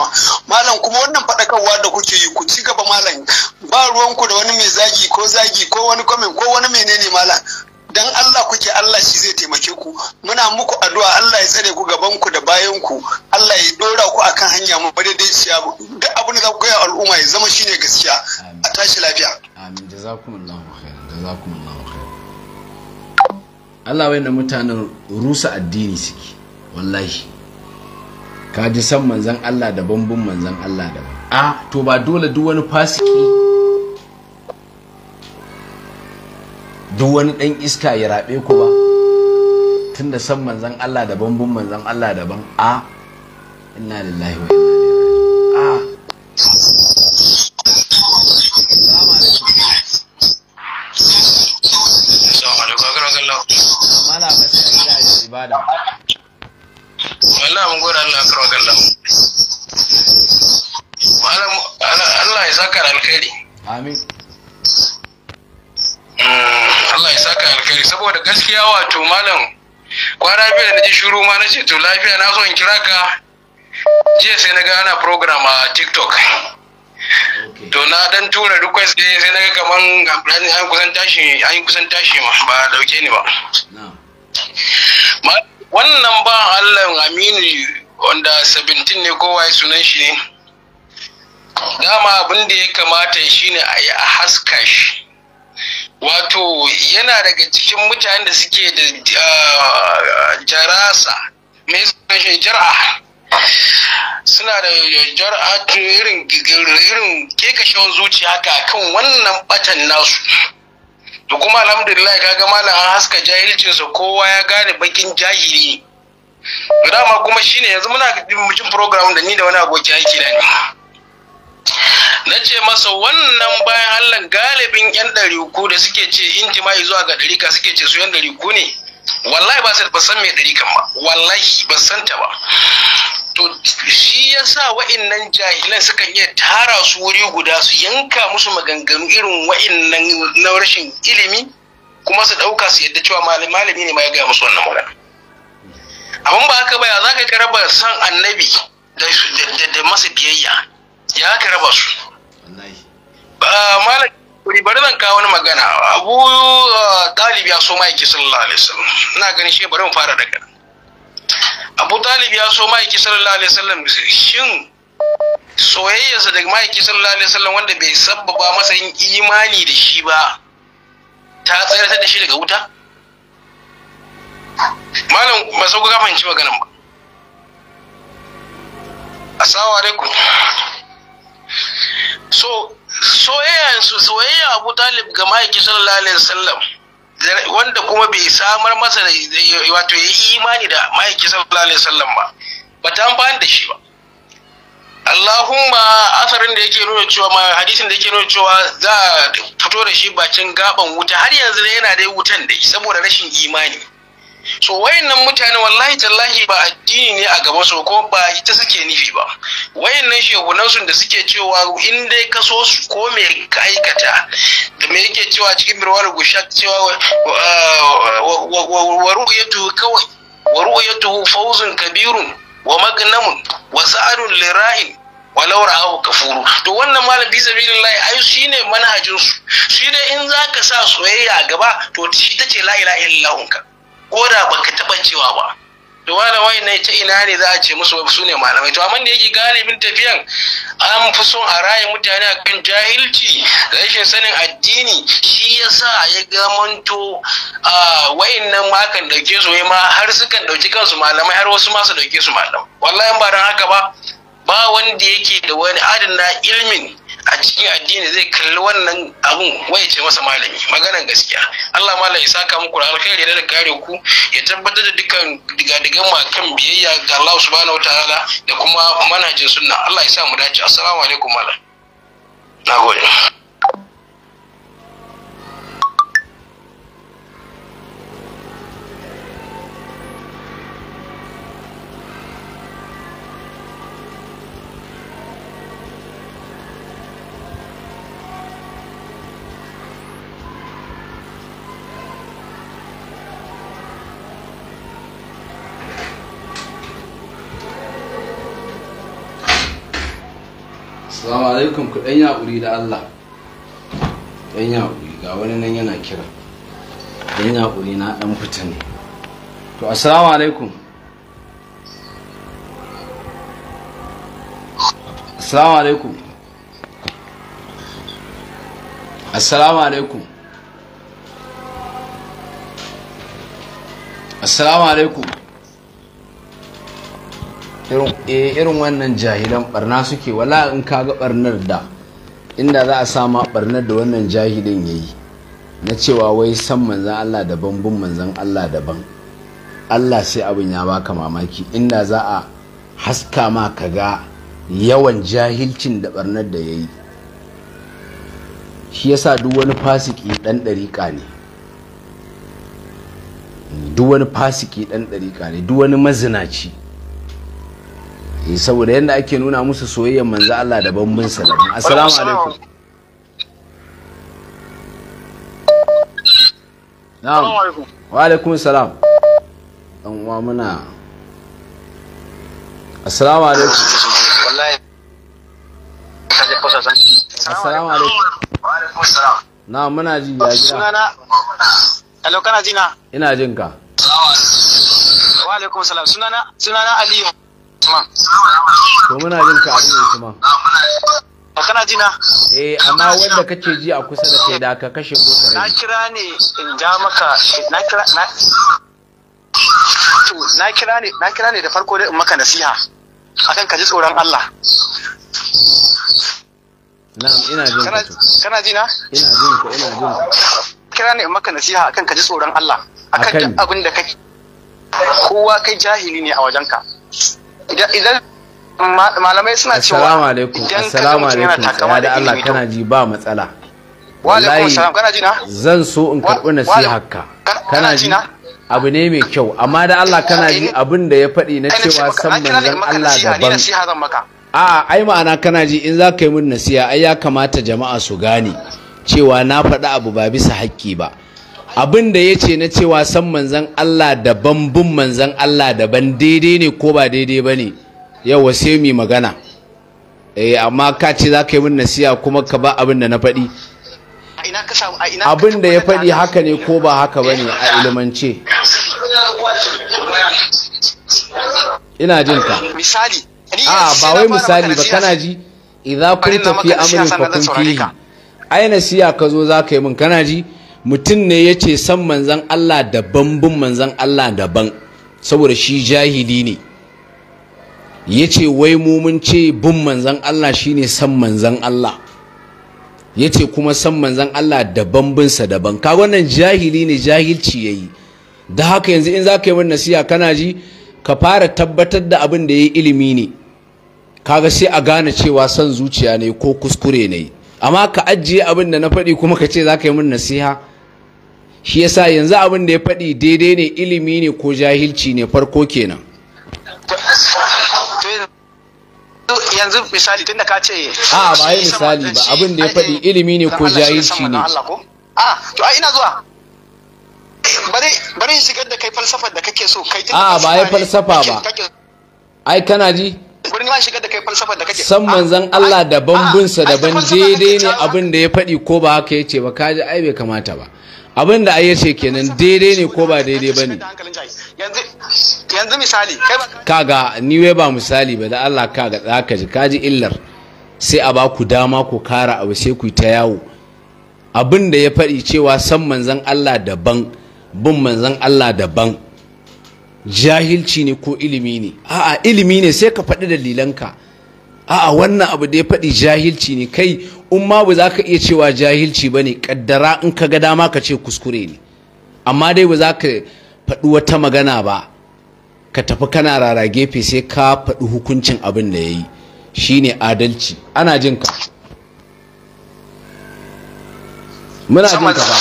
malam kuma wannan fadakarwa da kuke yi ku ci gaba malam ba ruwanku da wani mai zagi ko zagi ko wani comment ko wani menene malam dan Allah kuke Allah shi zai taimake ku muna muku addu'a Allah ya tsare ku gaban ku da bayan ku Allah ya dora ku akan hanya mu madaidaiciya duk abin da za ku ga al'umma ya zama shine gaskiya a tashi lafiya amin jazakumullahu khair jazakumullahu khair Allah wayna mutanen rusa addini suke wallahi ka ji san manzon Allah da bambun manzon Allah da a to ba dole duk wani fasiki duk wani ɗan iska ya raɓe ku ba tun da san manzan Allah daban bin manzan Allah daban a inna lillahi wa inna a ibada wallahi mun gode Allah akbar kallah Allah ya saka alkhairi amin Allah ya saka alkhairi saboda gaskiya wato malam kwana biyu da na ji shuru ma na ce to lafiya na zo in kira ka jiya sai na ga ana program a tiktok to na dan tura request ne sai na ga kaman an kusan tashi an kusan tashi ma ba dauke ni ba wannan ba Allah aminu wanda 17 ne kowa ya sunan shi ne dama abin da ya kamata shine a yi a haska shi wato yana daga cikin mutanen da suke da ah, jarasa mai sunan jar'a suna da jar'a irin irin kekashewan zuciya haka kan wannan batan nasu to kuma alhamdulillah kaga malam an haska jahilcinsa kowa ya gane bakin jahili dama kuma shine yanzu muna jin program da ni da wani aboki aiki na ni. na ce masa wannan bayan Allah galibin yan uku da suke ce jima'i zuwa ga ɗarika suke ce su yan uku ne wallahi ba su san mai ɗarikan ba wallahi ba san ta ba to shi ya sa wa'innan jahilan sukan iya tara su wuri guda su yanka musu maganganu irin wa'innan na rashin ilimi kuma su ɗauka su yadda cewa malami ne ma ya gaya musu wannan magana abin ba haka ba ya za ka san annabi da masa biyayya ya ka raba su malam bari zan kawo wani magana abu uh, talib ya so ma'aiki sallallahu alaihi wasallam ina ganin shi bari mu fara daga abu talib ya so ma'aiki sallallahu alaihi wasallam shin soyayyarsa daga ma'aiki sallallahu alaihi wasallam wanda bai sabbaba masa yin imani da shi ba ta tsayar da shi daga wuta malam ba sauka fahimci maganan ba assalamu alaikum so su soyayya abu talib ga ma'aiki sallallahu alaihi wasallam wanda kuma bai samar masa wato ya yi imani da ma'aiki sallallahu alaihi wasallam ba ba ta amfani da shi ba Allahumma asarin da yake nuna cewa ma hadisin da yake nuna cewa za a fito da shi bakin gaban wuta har yanzu yana dai wutan dai saboda rashin imani so wayannan mutane wallahi tallahi ba addini ne a gaban su ko ba ita suke nufi ba wayannan su da suke cewa in dai ka so su ko me ka aikata da me yake cewa cikin birwar gushak cewa wa ru'yatu kawai wa ru'yatu fawzun kabirun wa magnamun wa sa'arun lirahin walau ra'ahu kafuru to wannan malam bi sabilillahi ai shine manhajin su shine dai in zaka sa soyayya gaba to shi tace la ilaha illallah koda baka taba cewa ba to wala wai ne ta ina ne za a ce musu su ne malamai to amma da yake galibin tafiyan an fi son a raye mutane akan jahilci rashin sanin addini shi yasa ya gamanto a wayannan ma kan dauke su ma har sukan dauki kansu malamai har wasu ma dauke su malamai wallahi ba dan haka ba ba wanda yake da wani adana ilmin a cikin addini zai kalli wannan abun wai ce masa malami maganan gaskiya Allah malam ya saka muku da alkhairi da kare ku ya tabbatar da dukkan digadigan ma kan biyayya ga Allah subhanahu wataala da kuma manhajin sunna Allah ya sa mu dace assalamu alaikum malam nagode ɗan yaƙuri da Allah ɗan yaƙuri ga wani nan yana kira ɗan yaƙuri na ɗan fita ne to assalamu alaikum assalamu alaikum assalamu alaikum assalamu alaikum Eh, irin wannan jahilan barna suke wala in kaga barnar da inda za a sama barnar da wannan jahilin ya yi na cewa wai san manzan Allah daban bin manzan Allah daban Allah sai abin ya baka mamaki inda za a haska ma ka ga yawan jahilcin da barnar da ya yi shi yasa duk wani fasiki dan dariƙa ne duk wani fasiki ɗan ɗariƙa ne duk wani mazinaci Eh, saboda yadda ake nuna musu soyayyar manzo Allah da bambin salamu assalamu alaikum na'am wa alaikum salam dan uwa muna assalamu alaikum assalamu alaikum muna ji ya ji sunana hello kana ji ina jinka wa alaikum salam sunana sunana aliyu to muna jin ka abin yanzu ma ba kana ji na eh amma wanda kace ji a kusa da kai da ka kashe ko kare na kira ne in ja maka na kira na to na kira ne na kira ne da farko dai in maka nasiha akan ka ji tsoron Allah na'am ina jin ka kana ji na ina jin ka ina jin ka kira ne in maka nasiha akan ka ji tsoron Allah akan abin da kake kowa kai jahili ne a wajenka idan malamai suna cewa assalamu alaikum assalamu alaikum ya da Allah kana ji ba matsala wallahi zan so in karɓi nasiharka kana ji abu ne mai kyau amma da Allah kana ji abin da ya faɗi na cewa san manzon Allah daban a ai ma'ana kana ji in za ka yi min nasiha ai ya kamata jama'a su gane cewa na faɗi abu ba bisa haƙƙi ba abin da ya ce na cewa san manzan Allah daban bin manzan Allah daban daidai ne ko ba daidai ba ne yau wasu mu magana eh amma ka ce za ka yi min nasiya kuma ka ba abin da na faɗi abin da ya faɗi haka ne ko ba haka ba ne a ilimance ina jin ka a ba wai misali ba kana ji idan kun tafi amrin fa kun fi ai nasiya ka zo za ka yi min kana ji mutum ne ya ce san manzan Allah daban bin manzan Allah daban saboda shi jahili ne ya ce wai mu mun ce bin manzan Allah shine san manzan Allah ya ce kuma san manzan Allah daban binsa daban ka wannan jahili ne jahilci ya yi da haka yanzu in za ka yi nasiha kana ji ka fara tabbatar da abin da ya yi ilimi ne kaga sai a gane cewa son zuciya ne ko kuskure ne amma ka ajiye abin da na faɗi kuma ka ce za ka yi min nasiha shi yasa yanzu abin da ya faɗi daidai ne ilimi ne ko jahilci ne farko kenan yanzu misali tun da ka ce a ba yi misali ba abin da ya faɗi ilimi ne ko jahilci ne a to ai ina zuwa bari shigar da kai falsafa da kake so kai tun a ba yi falsafa ba ai kana ji gurin lan shigar da kai falsafa da kake san manzon Allah da bambunsa daban daidai ne abin da ya faɗi ko ba haka yace ba kaji ai bai kamata ba abin da ai ce kenan daidai ne ko ba daidai ba ne yanzu misali kaga ni wai ba misali ba da Allah kaga zaka ji kaji illar sai a ba ku dama ku kara abu sai ku ta yawo abin da ya faɗi cewa san manzon Allah daban bin manzon Allah daban jahilci ne ko ilimi ne a'a ilimi ne sai ka faɗi dalilanka a'a wannan abu da ya faɗi jahilci ne kai in ma ba za ka iya cewa jahilci ba ne ƙaddara in ka ga dama ka ce kuskure ne amma dai ba za ka faɗi wata magana ba ka tafi kana rara gefe sai ka faɗi hukuncin abin da ya yi shi ne adalci ana jin ka muna jin ka ba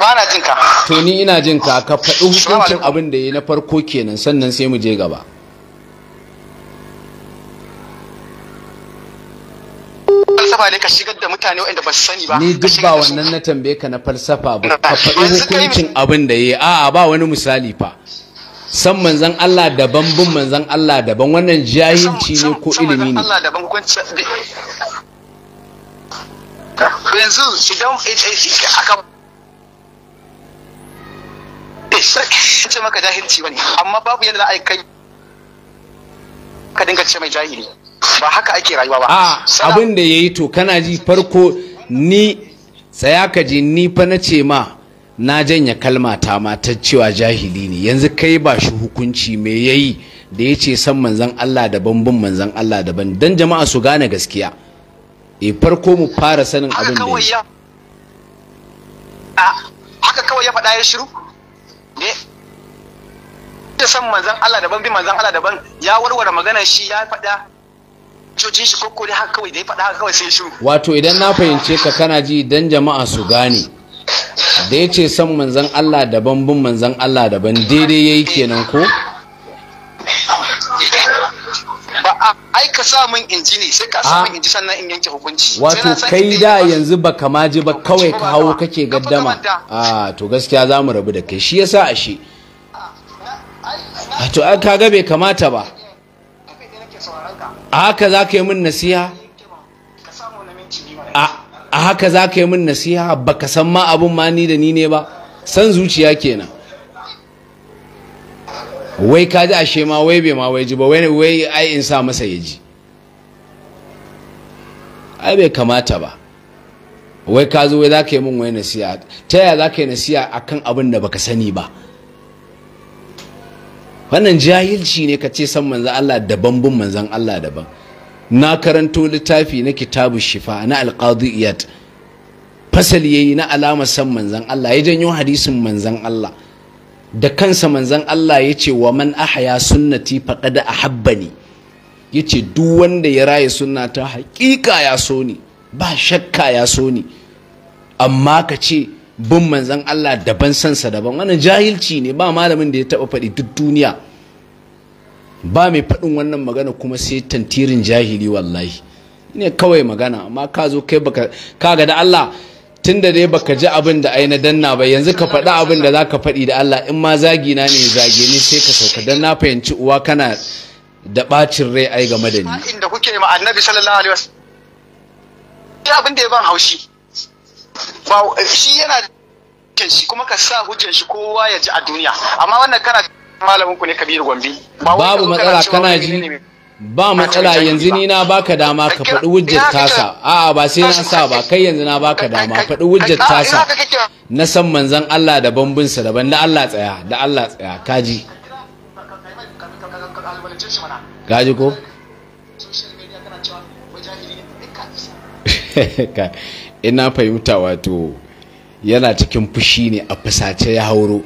ba na jin ka to ni ina jin ka ka faɗi hukuncin abin da ya yi na farko kenan sannan sai mu je gaba falsafa ne ka shigar da mutane wanda ba su sani ba ni duk ba wannan na tambaye ka na falsafa ba ka faɗi hukuncin abin da ya yi. a'a ba wani misali fa san manzan Allah daban bin manzan Allah daban wannan jahilci ne ko ilimi ne yanzu idan eh, eh, aka eh, ce maka jahilci ne, amma babu yadda za a yi kai ka dinga ce mai jahili ba haka ake rayuwa ba abin da yayi to kana ji farko ni tsaya ka ji ni fa na ce ma na janya kalma ta ma ta cewa jahili ne yanzu kai ba shi hukunci me yayi da ya ce san manzan Allah daban bin manzan Allah daban dan jama'a su gane gaskiya e farko mu fara sanin abin da ya haka kawai ya faɗa ya shiru ne da san manzan Allah daban bin manzan Allah daban ya warware magana shi ya faɗa shi ko haka kawai da ya faɗa haka kawai sai wato idan na fahimce ka kana ji dan jama'a su gane da ya ce son manzan Allah daban bin manzan Allah daban daidai ya yi kenan ko? ba a aika samun inji ne sai ka samun ah. inji sannan in yanke hukunci wato kai da yanzu ba kama ji ba kawai ka hawo kake gaddama a ah, to gaskiya za mu rabu da kai shi yasa ashe to ka ga bai kamata ba a haka za ka yi min nasiha a haka za ka yi min nasiha ba ka san ma abin ma ni da ni ne ba san zuciya kenan wai ka ji ashe ma wai bai ma wai ji ba wai ai in sa masa ya ji ai bai kamata ba wai ka zo wai za ka yi min wai nasiha ta yaya za ka yi nasiha akan abin da baka sani ba wannan jahilci ne ka ce san manzan Allah daban bin manzan Allah daban na karanto littafi na kitabu shifa na alqadiyat fasali yayi na alamar san manzan Allah ya janyo hadisin manzan Allah da kansa manzan Allah ya ce wa man ahya sunnati a ahabbani ya ce duk wanda ya raye sunna ta haƙiƙa ya so ni ba shakka ya so ni amma ka ce bin manzan Allah daban sansa daban wannan jahilci ne ba malamin da ya taba faɗi duk duniya ba mai faɗin wannan magana kuma sai tantirin jahili wallahi ne kawai magana amma ka zo kai baka ka ga da Allah tunda dai baka ji abin da ai na danna ba yanzu ka faɗi abin da zaka faɗi da Allah in ma zagi na ne zage ni sai ka sauka dan na fahimci uwa kana da bacin rai ai game da ni inda kuke ma sallallahu alaihi wasallam abin da ya ban haushi shi yana shi kuma ka sa hujjar shi kowa ya ji a duniya amma wannan kana malamin ku ne Kabir Gombe babu matsala kana ji ba matsala yanzu ni na baka dama ka faɗi hujjar tasa a'a ba sai na sa ba kai yanzu na baka dama faɗi hujjar tasa na san manzon Allah da sa daban da Allah tsaya da Allah tsaya kaji kaji ko ina fahimta wato yana cikin fushi ne a fusace ya hauro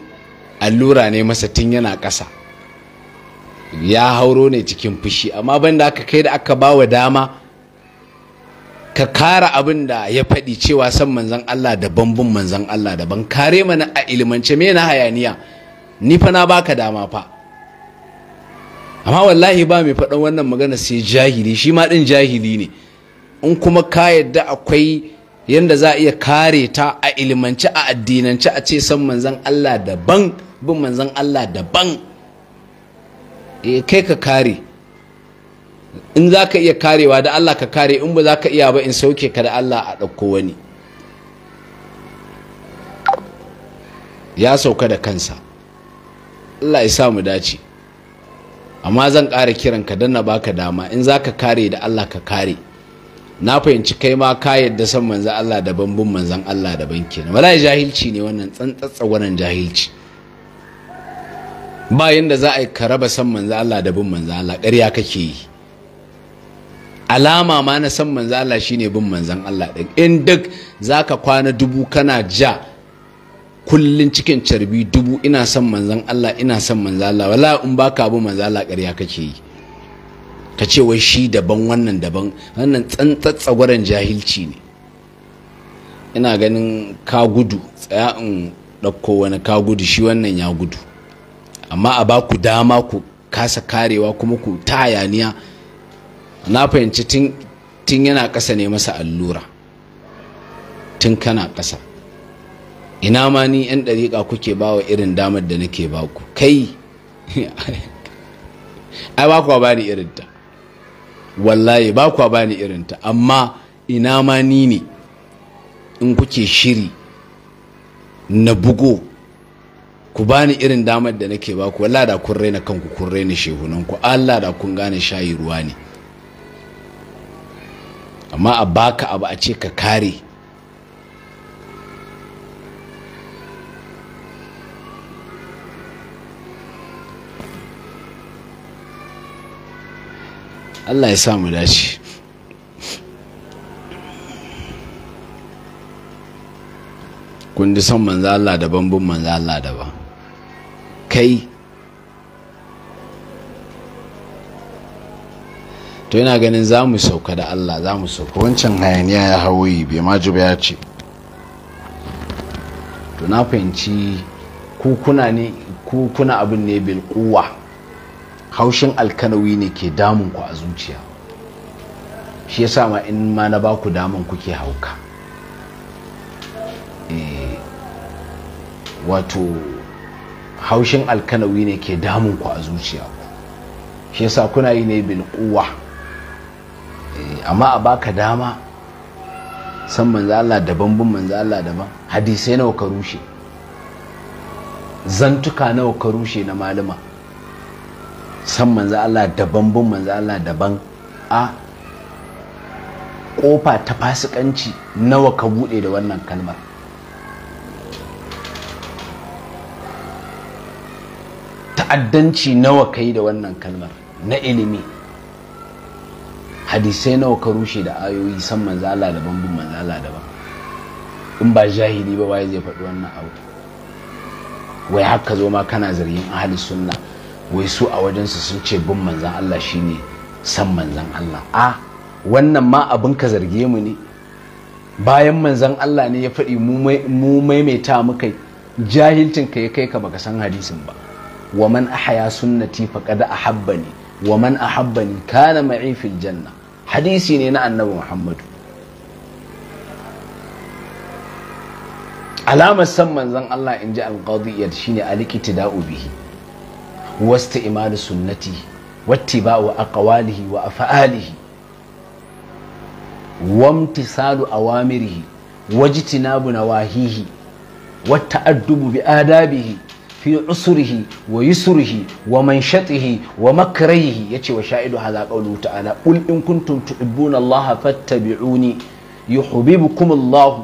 allura ne masa tun yana ƙasa ya hauro ne cikin fushi amma banda aka kai da aka bawa dama ka kara abin da ya faɗi cewa san manzan Allah daban bambun manzan Allah daban kare mana a ilimance me na hayaniya ni fa na baka dama fa amma wallahi ba mai faɗan wannan magana sai jahili shi ma ɗin jahili ne in kuma ka yadda akwai yanda za a iya kare ta a ilimance a addinance a ce san manzan Allah daban bin manzan Allah daban e kai ka kare in za ka iya karewa da Allah ka kare in ba za ka iya ba in sauke ka da Allah a ɗauko wani ya sauka da kansa Allah ya sa mu dace amma zan ƙara kiranka don na baka dama in za ka kare da Allah ka kare na fahimci kai ma ka yadda san manzan Allah daban bambun manzan Allah daban kenan wala jahilci ne wannan tsantsatsa wannan jahilci ba yanda za a yi ka raba san manzan Allah da bin manzan Allah ƙarya kake yi alama ma na san manzan Allah shine bin manzan Allah din in duk zaka kwana dubu kana ja kullun cikin carbi dubu ina san manzan Allah ina san manzan Allah wala in baka bin manzan Allah ƙarya kake yi ka ce wai shi daban wannan daban wannan tsantsatsagwaren jahilci ne ina ganin ka gudu tsaya in ɗauko wani ka gudu shi wannan ya gudu amma a baku dama ku kasa karewa kuma ku ta hayaniya na fahimci tun yana ƙasa ne masa allura tun kana ƙasa ina ma ni 'yan ɗariƙa kuke bawa irin damar da nake baku kai ai ba ku ba ni wallahi ba kwa bani irinta amma ina ma ni ne in kuke shiri na bugo ku bani irin damar da nake ba ku wallahi da kun raina kanku kun raina shehunan ku Allah da kun gane shayi ruwa ne amma a baka abu a ce ka kare Allah ya sa mu dace kun ji son manzo Allah daban bin manzo Allah daban kai to ina ganin za mu sauka da Allah za mu sauka wancan hayaniya ya hawoyi bai ma ji ya ce to na fahimci ku kuna ne ku kuna abin ne bil kuwa haushin alkanawi ne ke damun ku a zuciya shi yasa ma in ma na ba ku damun kuke hauka eh, wato haushin alkanawi ne ke damun ku a zuciya shi yasa kuna yi ne bilkuwa eh, amma a baka dama san manzo Allah daban bin manzo Allah daban hadisai nawa ka rushe zantuka nawa ka rushe na malama san manzo Allah daban bin manzo Allah daban a kofa ta fasikanci nawa ka bude da wannan kalmar ta'addanci nawa ka da wannan kalmar na ilimi hadisai nawa ka rushe da ayoyi san manzo Allah daban bin manzo Allah daban in ba jahili ba waye zai faɗi wannan abu wai haka zo ma kana zargin ahli sunna wai su a wajensu sun ce bin manzan Allah shine san manzan Allah a wannan ma abin ka zarge mu ne bayan manzan Allah ne ya faɗi mu maimaita muka jahilcin ka ya kai ka baka san hadisin ba wa man kada sunnati faqad ahabbani wa man ahabbani kana ma'i fil janna hadisi ne na annabi Muhammadu alamar san manzan Allah in ji alƙadiyyar shine alikitida'u bihi wasta imanu sunnati wati ba wa akawalihi wa afa'alihi wamti sadu awamirihi wajiti nabu na wahihi wata addubu bi adabihi fi usurihi wa yusurihi wa manshatihi wa makarayihi ya ce wa sha'idu haza ƙaunar ta'ala ƙul in kuntum tu'ibbuna Allah fattabi'uni yuhibbukum Allah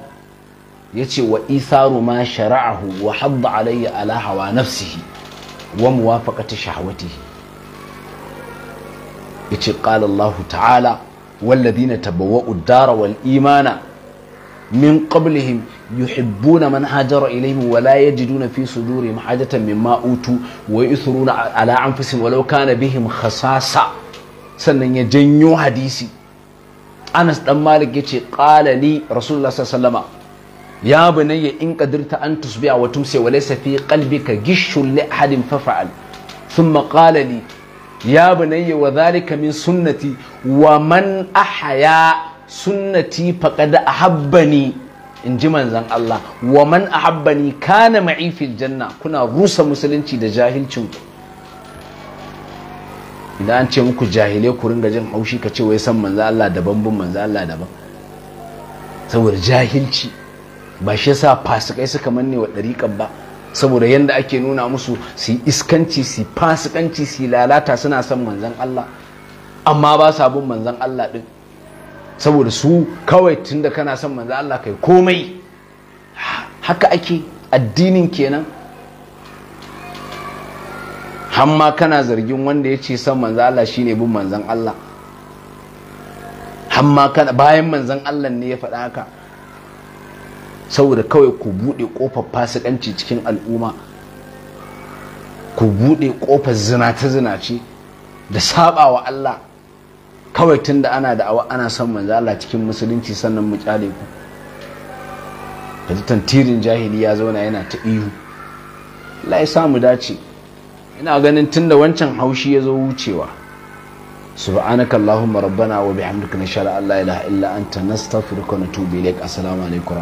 ya ce wa isaru ma shara'ahu wa hadda alayya ala hawa nafsihi wa muwafaqati shahwatihi yace qala Allahu ta'ala wal ladina tabawwa'u ad-dara wal imana min qablihim yuhibbuna man hajara ilayhim wa la yajiduna fi sudurihim hajatan mimma utu wa yusruna ala anfusihim walau kana bihim khasasa sannan ya janyo hadisi Anas dan Malik yace qala li Rasulullah sallallahu ya bunayya in kadirta an tusbiha wa tumsi wa laysa fi qalbika gishun li ahadin fafa'al thumma qala li ya bunayya wa dhalika min sunnati wa man ahya sunnati faqad ahabbani in ji manzan Allah wa man ahabbani kana ma'i fil janna kuna rusa musulunci da jahilcin ku idan an ce muku jahilai ku ringa jin haushi ka ce wai san manzan Allah daban bin manzan Allah daban saboda jahilci ba shi yasa fasikai suka manne wa ɗariƙan ba saboda yadda ake nuna musu su yi iskanci su fasikanci su lalata suna son manzan Allah amma ba sa bin manzan Allah ɗin saboda su kawai tun da kana son manzan Allah kai komai haka ake addinin kenan hamma kana zargin wanda ya ce son manzan Allah shine bin manzan Allah hamma kana bayan manzan Allah ne ya faɗa haka saboda kawai ku buɗe ƙofar fasikanci cikin al'umma ku buɗe ƙofar zina ta zinaci da saba wa Allah kawai tun da ana da'awa ana son manzo Allah cikin musulunci sannan mu kyale ku da tantirin jahili ya zauna yana ta ihu Allah ya samu dace ina ganin tun da wancan haushi ya zo wucewa سبحانك اللهم rabbana وبحمدك نشهد ان an اله الا انت نستغفرك ونتوب اليك السلام عليكم